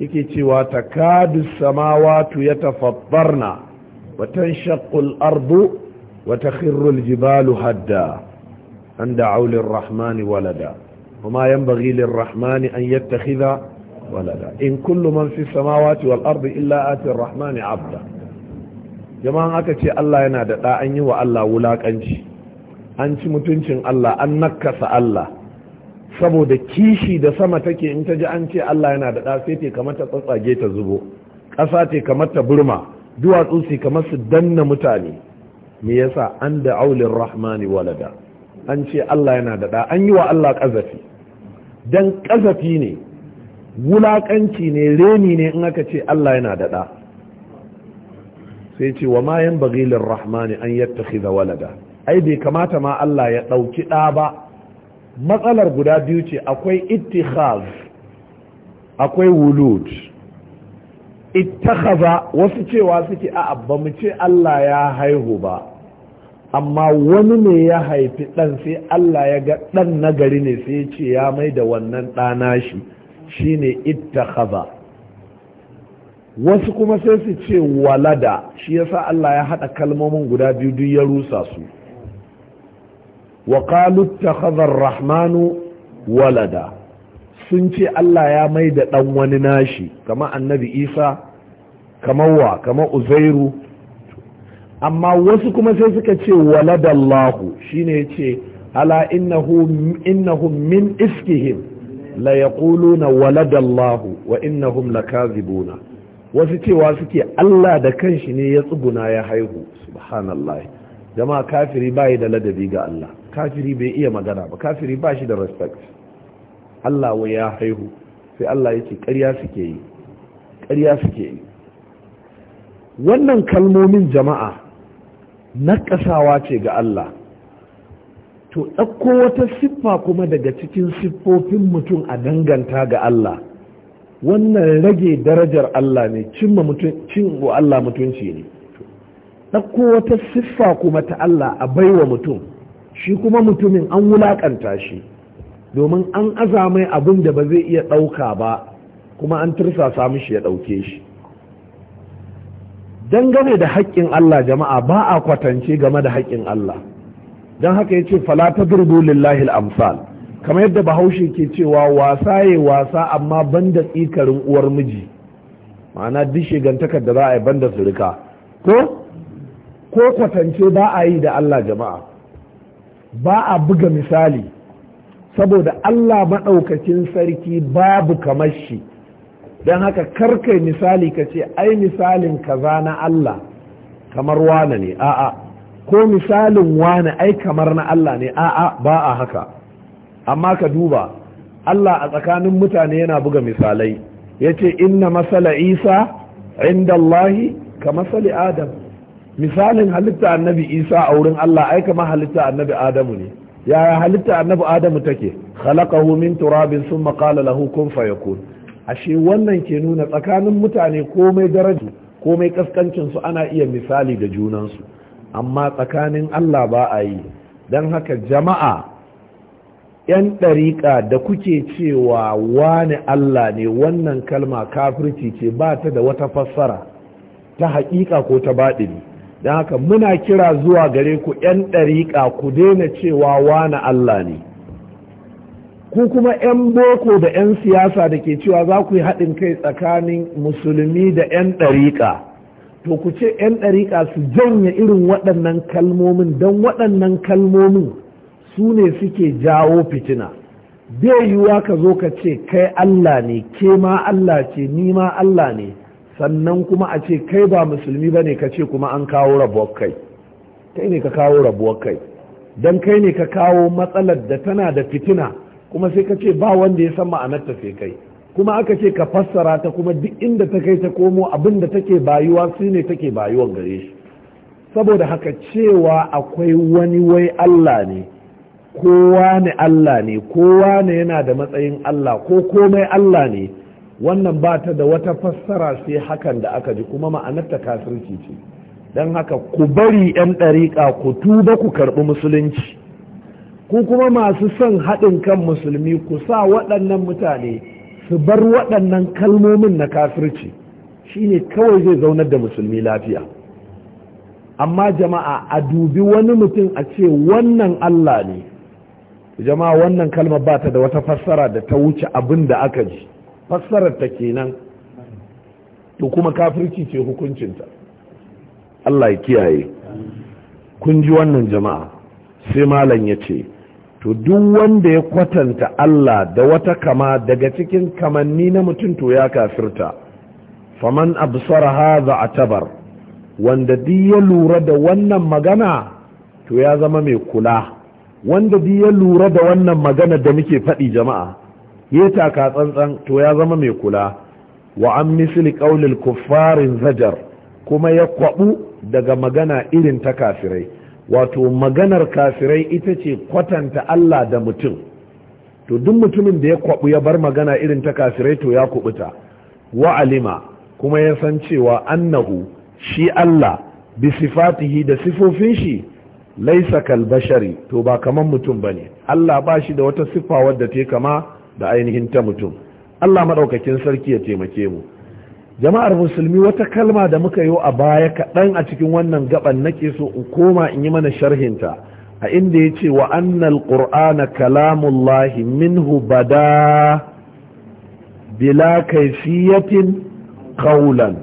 yake cewa takadu samawatu ya tafaɓarna watan shakul ardu وتخر الجبال هدا أن دعوا للرحمن ولدا وما ينبغي للرحمن أن يتخذ ولدا إن كل من في السماوات والأرض إلا آتي الرحمن عبدا جماعة أكتي الله ينادى لا أني وألا ولاك أنت أنت متنشن الله أن نكس الله saboda kishi da sama take in ta ji an ce Allah yana da ɗa sai te kamar ta tsatsage ta zubo ƙasa te kamar ta burma duwatsu su kamar su danna mutane me yasa an da aulin rahmani walada an ce Allah yana da an yi wa Allah ƙazafi don ƙazafi ne wulaƙanci ne reni ne in aka ce Allah yana da sai ce wa ma bagilin rahmani an yattakhidha walada ai bai kamata ma Allah ya ɗauki ɗa ba matsalar guda biyu ce akwai ittikhaz akwai wulud ittakhadha wasu cewa suke a abba mu ce Allah ya haihu ba amma wani ne ya haifi ɗan sai Allah ya ga ɗan nagari ne sai ya ce ya mai da wannan ɗana shi shi ne ittakhadha wasu kuma sai su ce walada shi yasa Allah ya haɗa kalmomin guda biyu duk ya rusa su wa qalu rahmanu walada sun ce Allah ya mai da ɗan wani nashi kamar annabi Isa kamar wa kamar Uzairu amma wasu kuma sai suka ce waladallahu shine yace ala innahum min iskihim la yaquluna waladallahu wa innahum lakazibuna wasu cewa suke Allah da kanshi ne ya tsuguna ya haihu subhanallahi jama'a kafiri bai da ladabi ga Allah kafiri bai iya magana ba kafiri ba shi da respect Allah wa ya haihu sai Allah yake ƙarya suke yi ƙarya suke yi wannan kalmomin jama'a naƙasawa ce ga Allah to ɗauko wata siffa kuma daga cikin siffofin mutum a danganta ga Allah wannan rage darajar Allah ne cin wa Allah mutunci ne ɗauko wata siffa kuma ta Allah a baiwa mutum shi kuma mutumin an wulaƙanta shi domin an azamai abin da ba zai iya ɗauka ba kuma an tursasa mishi ya ɗauke shi dangane da haƙƙin Allah jama'a ba a kwatance game da haƙƙin Allah don haka ya ce falata durbu lillahi amsal kamar yadda bahaushe ke cewa wasa ya wasa amma banda tsikarin uwar miji ma'ana duk shigantakar da za a yi banda surika ko ko kwatance ba a yi da Allah jama'a ba a buga misali saboda Allah maɗaukacin sarki babu kamar shi don haka karkai misali ka ce ai misalin kaza na Allah kamar wane ne a'a ko misalin wane ai kamar na Allah ne a'a ba a haka amma ka duba Allah a tsakanin mutane yana buga misalai ya ce inna masala isa inda Allahi ka masali adam misalin halitta annabi isa a wurin Allah ai kama halitta annabi adamu ne yaya halitta annabi adamu take khalaqahu min turabin sun qala lahu kun fayakun ashe wannan ke nuna tsakanin mutane komai daraji komai kaskancinsu ana iya misali da junansu amma tsakanin Allah ba a yi don haka jama'a 'yan ɗariƙa da kuke cewa wani Allah ne wannan kalma kafirci ce ba ta da wata fassara ta haƙiƙa ko ta baɗini don haka muna kira zuwa gare ku 'yan ɗariƙa ku daina cewa wani Allah ne ku kuma 'yan boko da 'yan siyasa da ke cewa za ku yi haɗin kai tsakanin musulmi da 'yan ɗariƙa to ku ce 'yan ɗariƙa su janye irin waɗannan kalmomin don waɗannan kalmomin su ne suke jawo fitina bai yiwuwa ka zo ka ce kai Allah ne ke ma Allah ce ni ma Allah ne sannan kuma a ce kai ba musulmi ba ne ka ce kuma an kawo rabuwar kai kai ne ka kawo rabuwar kai don kai ne ka kawo matsalar da tana da fitina kuma sai ka ce ba wanda ya san ma'anarta sai kai kuma aka ce ka fassara ta kuma duk inda ta kai ta komo abin da take bayuwa su ne take bayuwan gare shi saboda haka cewa akwai wani wai Allah ne kowa ne Allah ne kowa ne yana da matsayin Allah ko komai Allah ne wannan ba ta da wata fassara sai hakan da aka ji kuma ma'anarta kasirci ce don haka ku bari 'yan ɗariƙa ku tuba ku karɓi musulunci ku kuma masu son haɗin kan musulmi ku sa waɗannan mutane su bar waɗannan kalmomin na kafirci shine kawai zai zaunar da musulmi lafiya amma jama'a a dubi wani mutum a ce wannan Allah ne jama'a wannan kalma ba ta da wata fassara da ta wuce abin da aka ji fassarar ta kenan to kuma kafirci ce hukuncinta Allah ya kiyaye kun ji wannan jama'a sai malam ya ce to duk wanda ya kwatanta Allah da wata kama daga cikin kamanni na mutum to ya kafirta faman absara hadha atabar wanda di ya lura da wannan magana to ya zama mai kula wanda di ya lura da wannan magana da muke faɗi jama'a ya taka tsantsan to ya zama mai kula wa an misli qaulil kuffarin zajar kuma ya kwaɓu daga magana irin ta kafirai wato maganar kafirai ita ce kwatanta Allah da mutum to duk mutumin da ya kwabu ya bar magana irin ta kafirai to ya kubuta wa alima kuma ya san cewa annahu shi Allah bi sifatihi da sifofin shi laisa kal bashari to ba kaman mutum bane Allah ba shi da wata siffa wadda ta kama da ainihin ta mutum Allah madaukakin sarki ya taimake mu jama'ar musulmi wata kalma da muka yi a baya kaɗan a cikin wannan gaban nake so in koma in yi mana sharhinta a inda ya ce wa annal ƙur'ana kalamullahi minhu bada bila kaifiyatin kaulan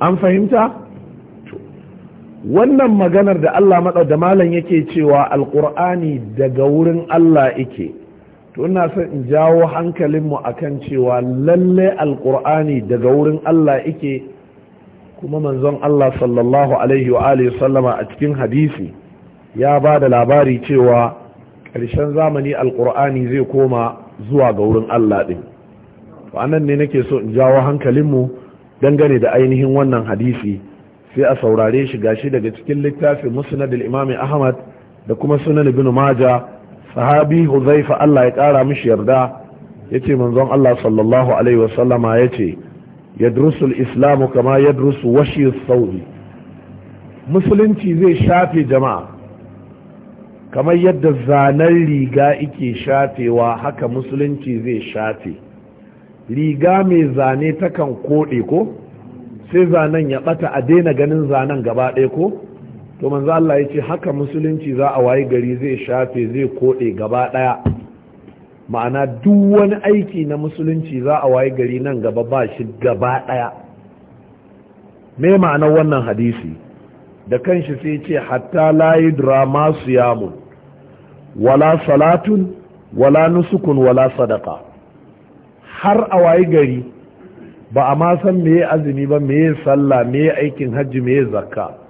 an fahimta wannan maganar da allah maɗau da malam yake cewa alƙur'ani daga wurin allah ike to ina son in jawo hankalinmu akan cewa lalle alkur'ani daga wurin Allah yake kuma manzon Allah sallallahu alaihi wa alihi sallama a cikin hadisi ya ba da labari cewa ƙarshen zamani alkur'ani zai koma zuwa ga wurin Allah din to anan ne nake so in jawo hankalinmu dangane da ainihin wannan hadisi sai a saurare shi gashi daga cikin littafin musnad imami Ahmad da kuma sunan ibn Majah sahabi huzaifa Allah ya ƙara mishi yarda yace manzon Allah sallallahu alaihi wasallama yace yadrusu al-islamu kama yadrusu washi as musulunci zai shafe jama'a kamar yadda zanen riga ike shafewa haka musulunci zai shafe riga mai zane takan koɗe ko sai zanen ya ɓata a daina ganin zanen gaba ɗaya ko to manzo Allah ya ce haka musulunci za a waye gari zai shafe zai kode gaba ɗaya ma'ana duk wani aiki na musulunci za a waye gari nan gaba ba shi gaba ɗaya me ma'anar wannan hadisi da kanshi sai ce hatta layi drama yamu. wala salatun wala nusukun wala sadaka har a waye gari ba a ma san meye azumi ba meye sallah meye aikin hajji meye zakka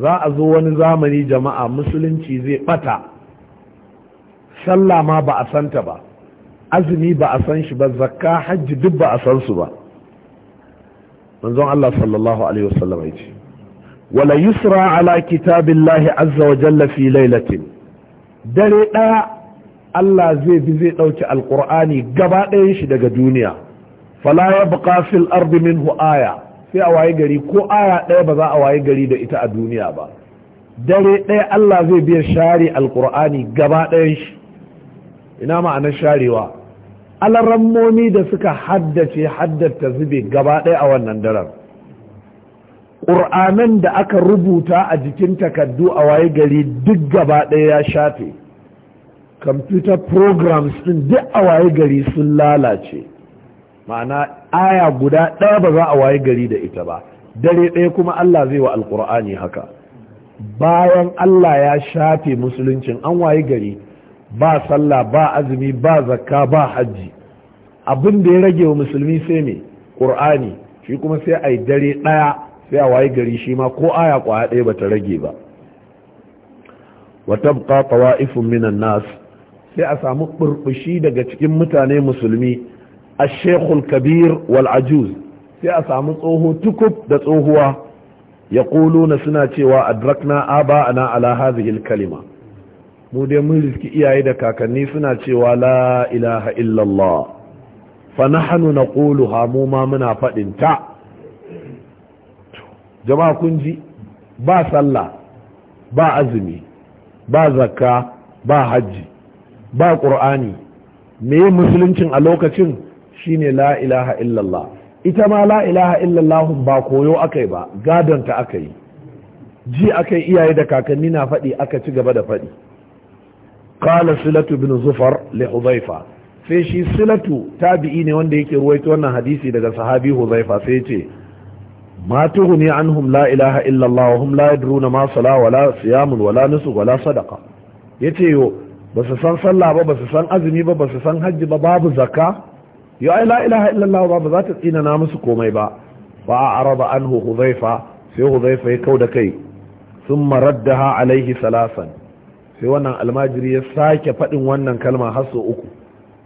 za a zo wani zamani jama'a musulunci zai bata sallah ma ba a santa ba azumi ba a san shi ba zakka hajji duk ba a san su ba manzon Allah sallallahu alaihi wasallam ya wala yusra ala kitabillahi azza wa jalla fi dare ɗaya Allah zai bi zai ɗauki Alƙur'ani gaba ɗayan shi daga duniya fala ya buƙa fil ardi minhu aya sai a waye gari ko aya ɗaya ba za a waye gari da ita a duniya ba dare ɗaya Allah zai biya share alkur'ani gaba ɗayan shi ina ma'anar sharewa alarammomi da suka haddace haddata zube gaba ɗaya a wannan daren ƙur'anan da aka rubuta a jikin takardu a waye gari duk gaba ɗaya ya shafe computer programs ɗin duk a waye gari sun lalace ma'ana aya guda ɗaya ba za a waye gari da ita ba dare ɗaya kuma Allah zai wa alkur'ani haka bayan Allah ya shafe musuluncin an waye gari ba sallah ba azumi ba zakka ba hajji abin da ya rage wa musulmi sai me ƙur'ani shi kuma sai a dare ɗaya sai a waye gari shi ma ko aya ƙwaya ɗaya ba ta rage ba wata buƙaƙawa ifin minan nas sai a samu ɓurɓushi daga cikin mutane musulmi shekul kabir wal ajuz sai a samu tsoho tukub da tsohuwa ya na suna cewa adrakna aba ana ala hazihil kalima mu dai mun riski iyaye da kakanni suna cewa la ilaha illallah fa nahnu naquluha mu ma muna fadin ta jama'a kun ji ba sallah ba azumi ba zakka ba hajji ba qur'ani me musuluncin a lokacin shine la ilaha illallah ita ma la ilaha illallah ba koyo akai ba gadonta aka yi ji akai iyaye da kakanni na faɗi aka ci gaba da faɗi Ƙala silatu bin zufar li huzaifa sai shi silatu tabi'i ne wanda yake ruwaito wannan hadisi daga sahabi huzaifa sai ya ce ma tuhuni anhum la ilaha illallah wa hum la yadruna ma sala wala siyamun wala nusuk wala sadaqa yace yo ba su san sallah ba ba su san azumi ba ba su san hajji ba babu zakka yau ai la illallah ba ba za ta tsina na musu komai ba a araba anhu huzaifa sai huzaifa ya kau da kai sun ha alaihi salasan sai wannan almajiri ya sake faɗin wannan kalma har sau uku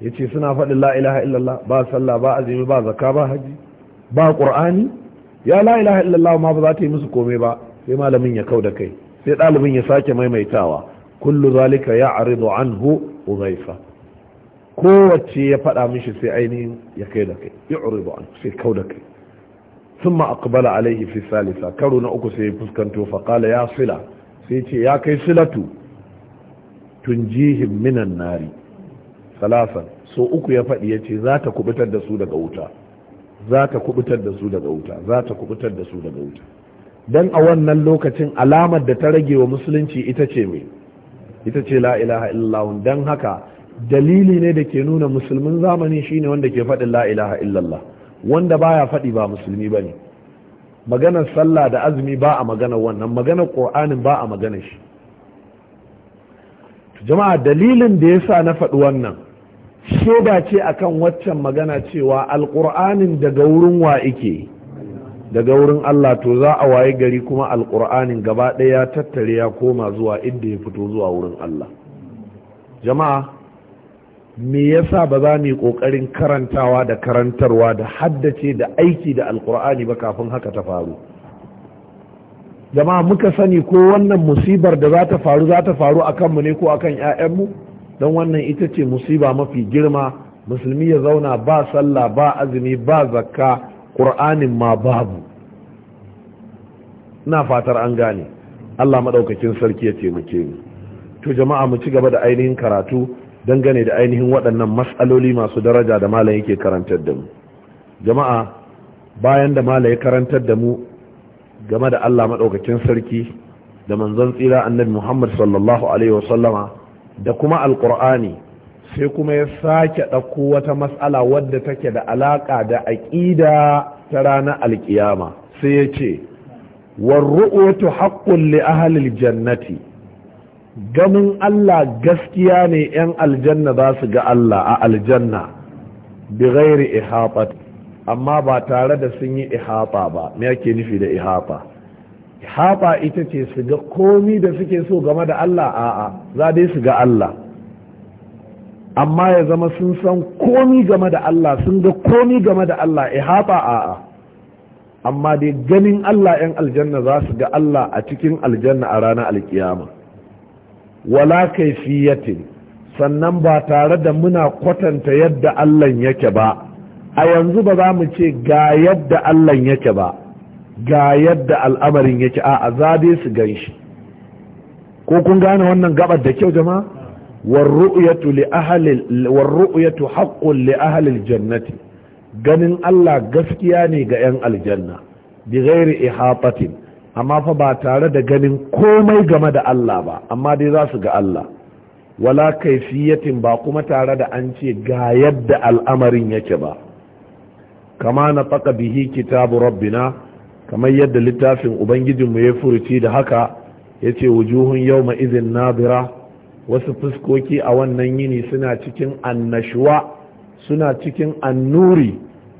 ya ce suna faɗin la ilaha illallah ba sallah ba azumi ba zaka ba haji ba ƙur'ani ya la illallah ma ba za ta yi musu komai ba sai malamin ya kau da kai sai ɗalibin ya sake maimaitawa kullu zalika ya aridu anhu huzaifa kowace ya faɗa mishi sai ainihin ya kai da kai ya uribu ba sai kau da kai sun ma'akubala alaihi fi salisa karo na uku sai ya fuskanto faƙala ya sila sai ce ya kai silatu jihin minan nari salasan so uku ya faɗi ya ce za ta kubutar da su daga wuta za ta kubutar da su daga wuta za ta kubutar da su daga wuta don a wannan lokacin alamar da ta rage wa musulunci ita ce mai ita ce la ilaha illallah don haka dalili ne da ke nuna musulmin zamani shine wanda ke faɗin la ilaha illallah wanda baya faɗi ba musulmi ba ne maganar sallah da azumi ba a maganar wannan maganar ƙor'anin ba a maganar shi jama'a dalilin da ya sa na faɗi wannan shaida ce akan waccan magana cewa alƙur'anin daga wurin wa ike daga wurin Allah to za a waye gari kuma alƙur'anin gaba ɗaya tattare ya koma zuwa inda ya fito zuwa wurin Allah jama'a me yasa ba za mu yi ƙoƙarin karantawa da karantarwa da haddace da aiki da alkur'ani ba kafin haka ta faru jama'a muka sani ko wannan musibar da za ta faru za ta faru akan mu ne ko akan kan 'ya'yanmu don wannan ita ce musiba mafi girma musulmi ya zauna ba sallah ba azumi ba zakka qur'anin ma babu Ina fatar an gane allah maɗaukakin sarki ya taimake mu to jama'a mu ci gaba da ainihin karatu dangane da ainihin waɗannan matsaloli masu daraja da malam yake karantar da mu jama'a bayan da malam ya karantar da mu game da Allah maɗaukakin sarki da manzon tsira annabi Muhammad sallallahu alaihi wasallama da kuma alqur'ani sai kuma ya sake ɗauko wata matsala wadda take da alaƙa da aƙida ta ranar alƙiyama sai ya ce warru'atu haqqun li ahli aljannati ganin Allah gaskiya ne 'yan aljanna za su ga Allah a aljanna bi ghairi ihafat amma ba tare da sun yi ihafa ba me yake nufi da ihafa ihafa ita ce su ga komi da suke so game da Allah a'a za dai su ga Allah amma ya zama sun san komi game da Allah sun ga komi game da Allah ihafa a'a amma dai ganin Allah 'yan aljanna za su ga Allah a cikin aljanna a ranar alkiyama wala kaifiyatin sannan ba tare da muna kwatanta yadda Allah yake ba a yanzu ba za mu ce ga yadda Allah yake ba ga yadda al'amarin yake a azabe su ganshi, ko kun gane wannan gabar da kyau jama'a warru'yatu li ahli haqqun li ahli jannati ganin Allah gaskiya ne ga 'yan aljanna bi ghairi ihatatin amma fa ba tare da ganin komai game da Allah ba amma dai za su ga Allah wala kaifiyatin ba kuma tare da an ce ga yadda al'amarin yake ba kama na faka bihi kitabu rabbina kamar yadda littafin ubangijinmu ya furuci da haka ya ce wujuhun yau ma'izin nabira wasu fuskoki a wannan yini suna cikin annashuwa suna cikin annuri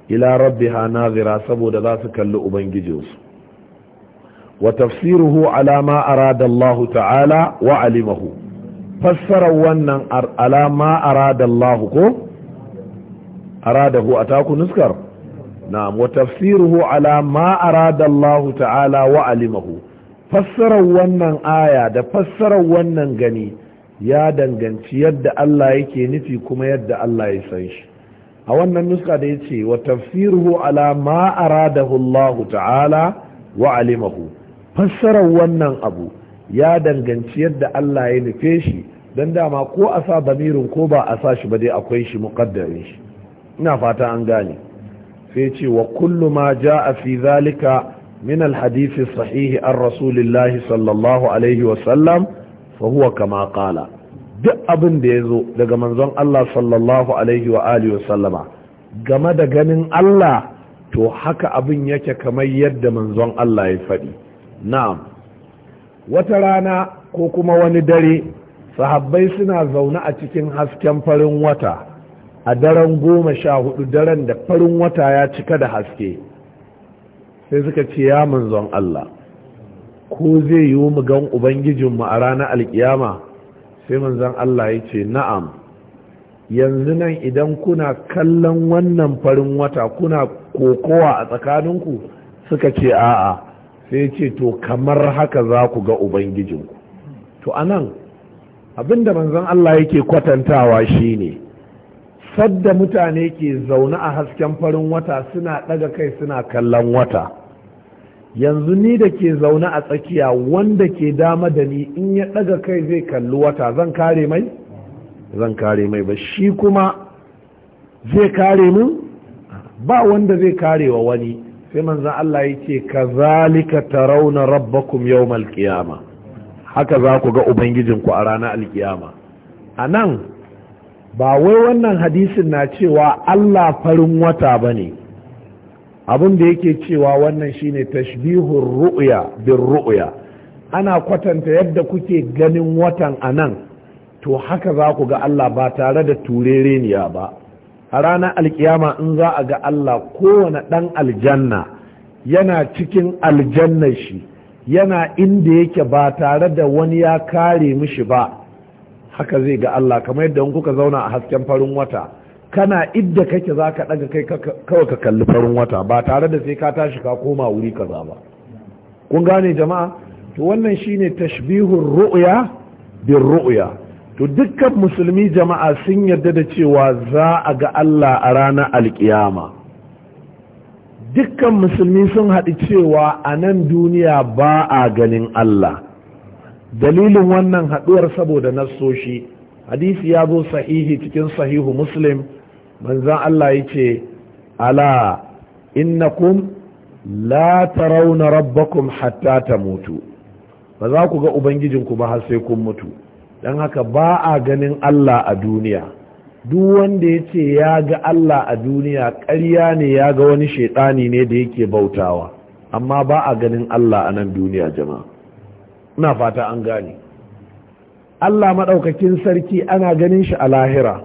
ila rabbiha nazira saboda za su kalli ubangijinsu wa tafsiruhu ala arada Allah ta'ala wa alimahu fassarar wannan ala arada Allah ko aradahu ataku nuskar na'am wa tafsiruhu ala arada Allah ta'ala wa alimahu wannan aya da fassarar wannan gani ya danganci yadda Allah yake nufi kuma yadda Allah ya san shi a wannan nuska da ya ce wa tafsiruhu ala ma aradahu Allah ta'ala wa alimahu fassarar wannan abu ya danganci yadda Allah ya nufe shi don dama ko a sa damirin ko ba a sa shi ba dai akwai shi muƙaddarin shi ina fata an gane sai ce wa kullu ma a fi zalika min alhadith sahihi an rasulillahi sallallahu alaihi wa sallam fa huwa kama qala duk abin da zo daga manzon Allah sallallahu alaihi wa alihi game da ganin Allah to haka abin yake kamar yadda manzon Allah ya faɗi na'am wata rana ko kuma wani dare sahabbai suna zaune a cikin hasken farin wata a daren goma sha hudu daren da farin wata ya cika da haske sai suka ce ya manzon Allah ko zai yi mu gan ubangijinmu a ranar alkiyama sai manzon Allah ya ce na'am yanzu nan idan kuna kallon wannan farin wata kuna kokowa a tsakaninku suka ce a'a sai ce to kamar haka za ku ga ubangijinku to a nan, abinda manzan Allah yake kwatantawa shine sadda mutane ke zaune a hasken farin wata suna daga kai suna kallon wata yanzu ni da ke zaune a tsakiya wanda ke dama da ni in ya daga kai zai kalli wata zan kare mai zan kare mai ba shi kuma zai kare mu, ba wanda zai kare wa wani sai manzan Allah ya ce ka zalika tarauna rabbakum yawmal qiyama haka za ku ga ubangijinku a ranar alkiyama a nan ba wai wannan hadisin na cewa Allah farin wata ba ne abin da yake cewa wannan shine tashbihun ru'ya bin ru'ya ana kwatanta yadda kuke ganin watan a nan to haka za ku ga Allah ba tare da turereniya ba a ranar alkiyama in za a ga Allah kowane ɗan aljanna yana cikin aljannar shi yana inda yake ba tare da wani ya kare mishi ba haka zai ga Allah kamar yadda kuka zauna a hasken farin wata kana idda kake za ka ɗaga kai kawai ka kalli farin wata ba tare da sai ka tashi ka koma wuri kaza ba kun gane jama'a to wannan shine tashbihur ru'ya bir ru'ya to dukkan musulmi jama'a sun yarda da cewa za a ga Allah a ranar alkiyama dukkan musulmi sun haɗi cewa a nan duniya ba a ganin Allah dalilin wannan haɗuwar saboda nassoshi hadisi ya zo sahihi cikin sahihu muslim manzan Allah ya ce ala innakum la Rabba rabbakum hatta ta mutu. ba za ku ga ubangijinku ba har sai kun mutu don haka ba a ganin Allah a duniya duk wanda ya ce ya ga Allah a duniya ƙarya ne ya ga wani shaiɗani ne da yake bautawa amma ba a ganin Allah a nan duniya jama'a ina fata an gane Allah maɗaukakin sarki ana ganin shi a lahira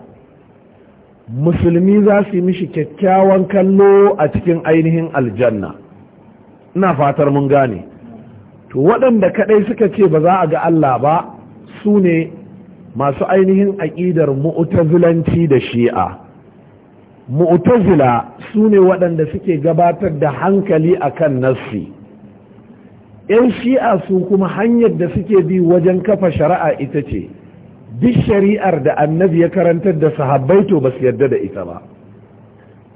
musulmi za su yi mishi kyakkyawan kallo a cikin ainihin aljanna ina fatar mun gane to waɗanda kaɗai suka ce ba za a ga Allah ba su ne masu ainihin aƙidar mu'tazilanci da shi'a mu'tazila su ne waɗanda suke gabatar da hankali akan nassi yan shi'a su kuma hanyar da suke bi wajen kafa shari'a ita ce duk shari'ar da annabi ya karantar da sahabbai to ba su yarda da ita ba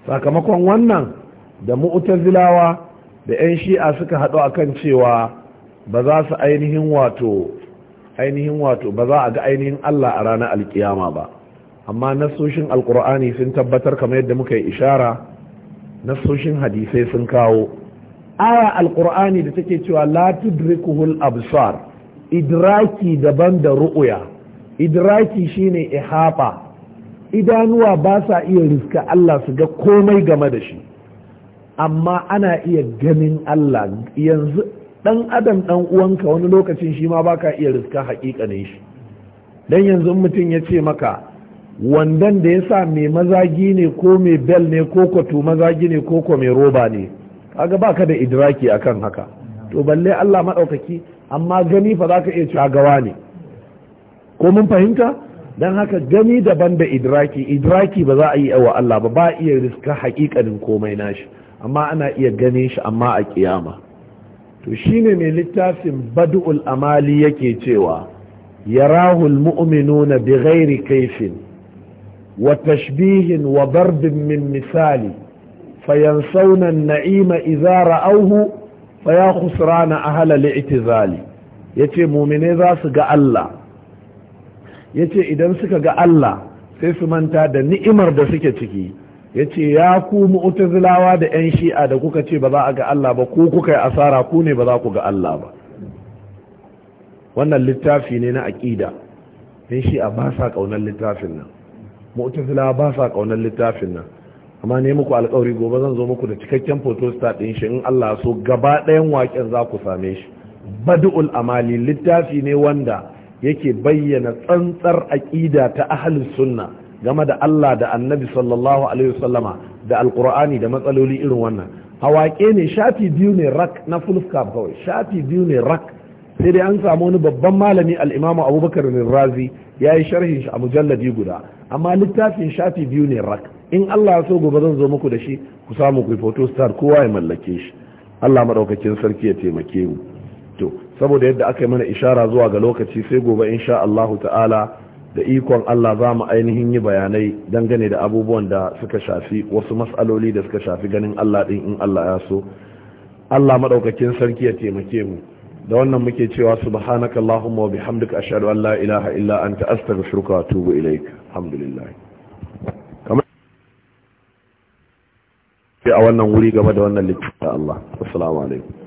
sakamakon wannan da mu'tazilawa da yan shi'a suka haɗu akan cewa ba za su ainihin wato ainihin wato ba za a ga ainihin Allah a ranar alkiyama ba amma nasoshin alkur'ani sun tabbatar kamar yadda muka yi ishara nasoshin hadisai sun kawo aya alkur'ani da take cewa la tudrikuhul absar idraki daban da ru'uya idraki shine ihafa. idanuwa ba sa iya riska Allah su ga komai game da shi amma ana iya ganin Allah yanzu dan adam dan uwanka wani lokacin shi ma baka iya riska hakikanin shi dan yanzu mutum ya ce maka wandan da ya sa mai mazagi ne ko mai bel ne ko kwatu mazagi ne ko ko mai roba ne kaga baka da idraki akan haka to balle Allah madaukaki amma gani fa zaka iya cewa gawa ne ko mun fahimta dan haka gani daban da idraki idraki ba za a yi wa Allah ba ba iya riska hakikanin komai nashi amma ana iya ganin shi amma a kiyama to shine mai littafin bad'ul amali yake cewa mu'uminu na bighairi kaifin wa tashbihin wa barbin min misali fayansawna saunan naima izara auhu faya khusrana na al-i'tizali yace mu'mine za su ga Allah yace idan suka ga Allah sai su manta da ni'imar da suke ciki ya ce ya ku mu'tazilawa da 'yan shi'a da kuka ce ba za a ga Allah ba ko kuka yi asara ku ne ba za ku ga Allah ba wannan littafi ne na aƙida 'yan shi'a ba sa ƙaunar littafin nan mu'tazilawa ba sa ƙaunar littafin nan amma ne muku alƙawari gobe zan zo muku da cikakken photostat ɗin shi in Allah so gaba ɗayan waƙen za ku same shi bad'ul amali littafi ne wanda yake bayyana tsantsar aƙida ta ahlus sunna game da Allah da annabi sallallahu alaihi wasallama da alkur'ani da matsaloli irin wannan hawaƙe ne shafi biyu ne rak na fulfkab kawai shafi biyu ne rak sai dai an samu wani babban malami al'imamu abubakar razi ya yi sharhin shi a mujalladi guda amma littafin shafi biyu ne rak in allah ya so gobe zan zo muku da shi ku samu ku photo star kowa ya mallake shi allah maɗaukakin sarki ya taimake mu to saboda yadda aka yi mana ishara zuwa ga lokaci sai gobe insha Allah ta'ala da ikon Allah za mu ainihin yi bayanai dangane da abubuwan da suka shafi wasu matsaloli da suka shafi ganin Allah ɗin in Allah ya so Allah maɗaukakin sarki ya taimake mu da wannan muke cewa subhanaka Allahumma wa bihamdika ashhadu an la ilaha illa anta astaghfiruka wa atubu ilaik alhamdulillah kamar a wannan wuri gaba da wannan littafin Allah assalamu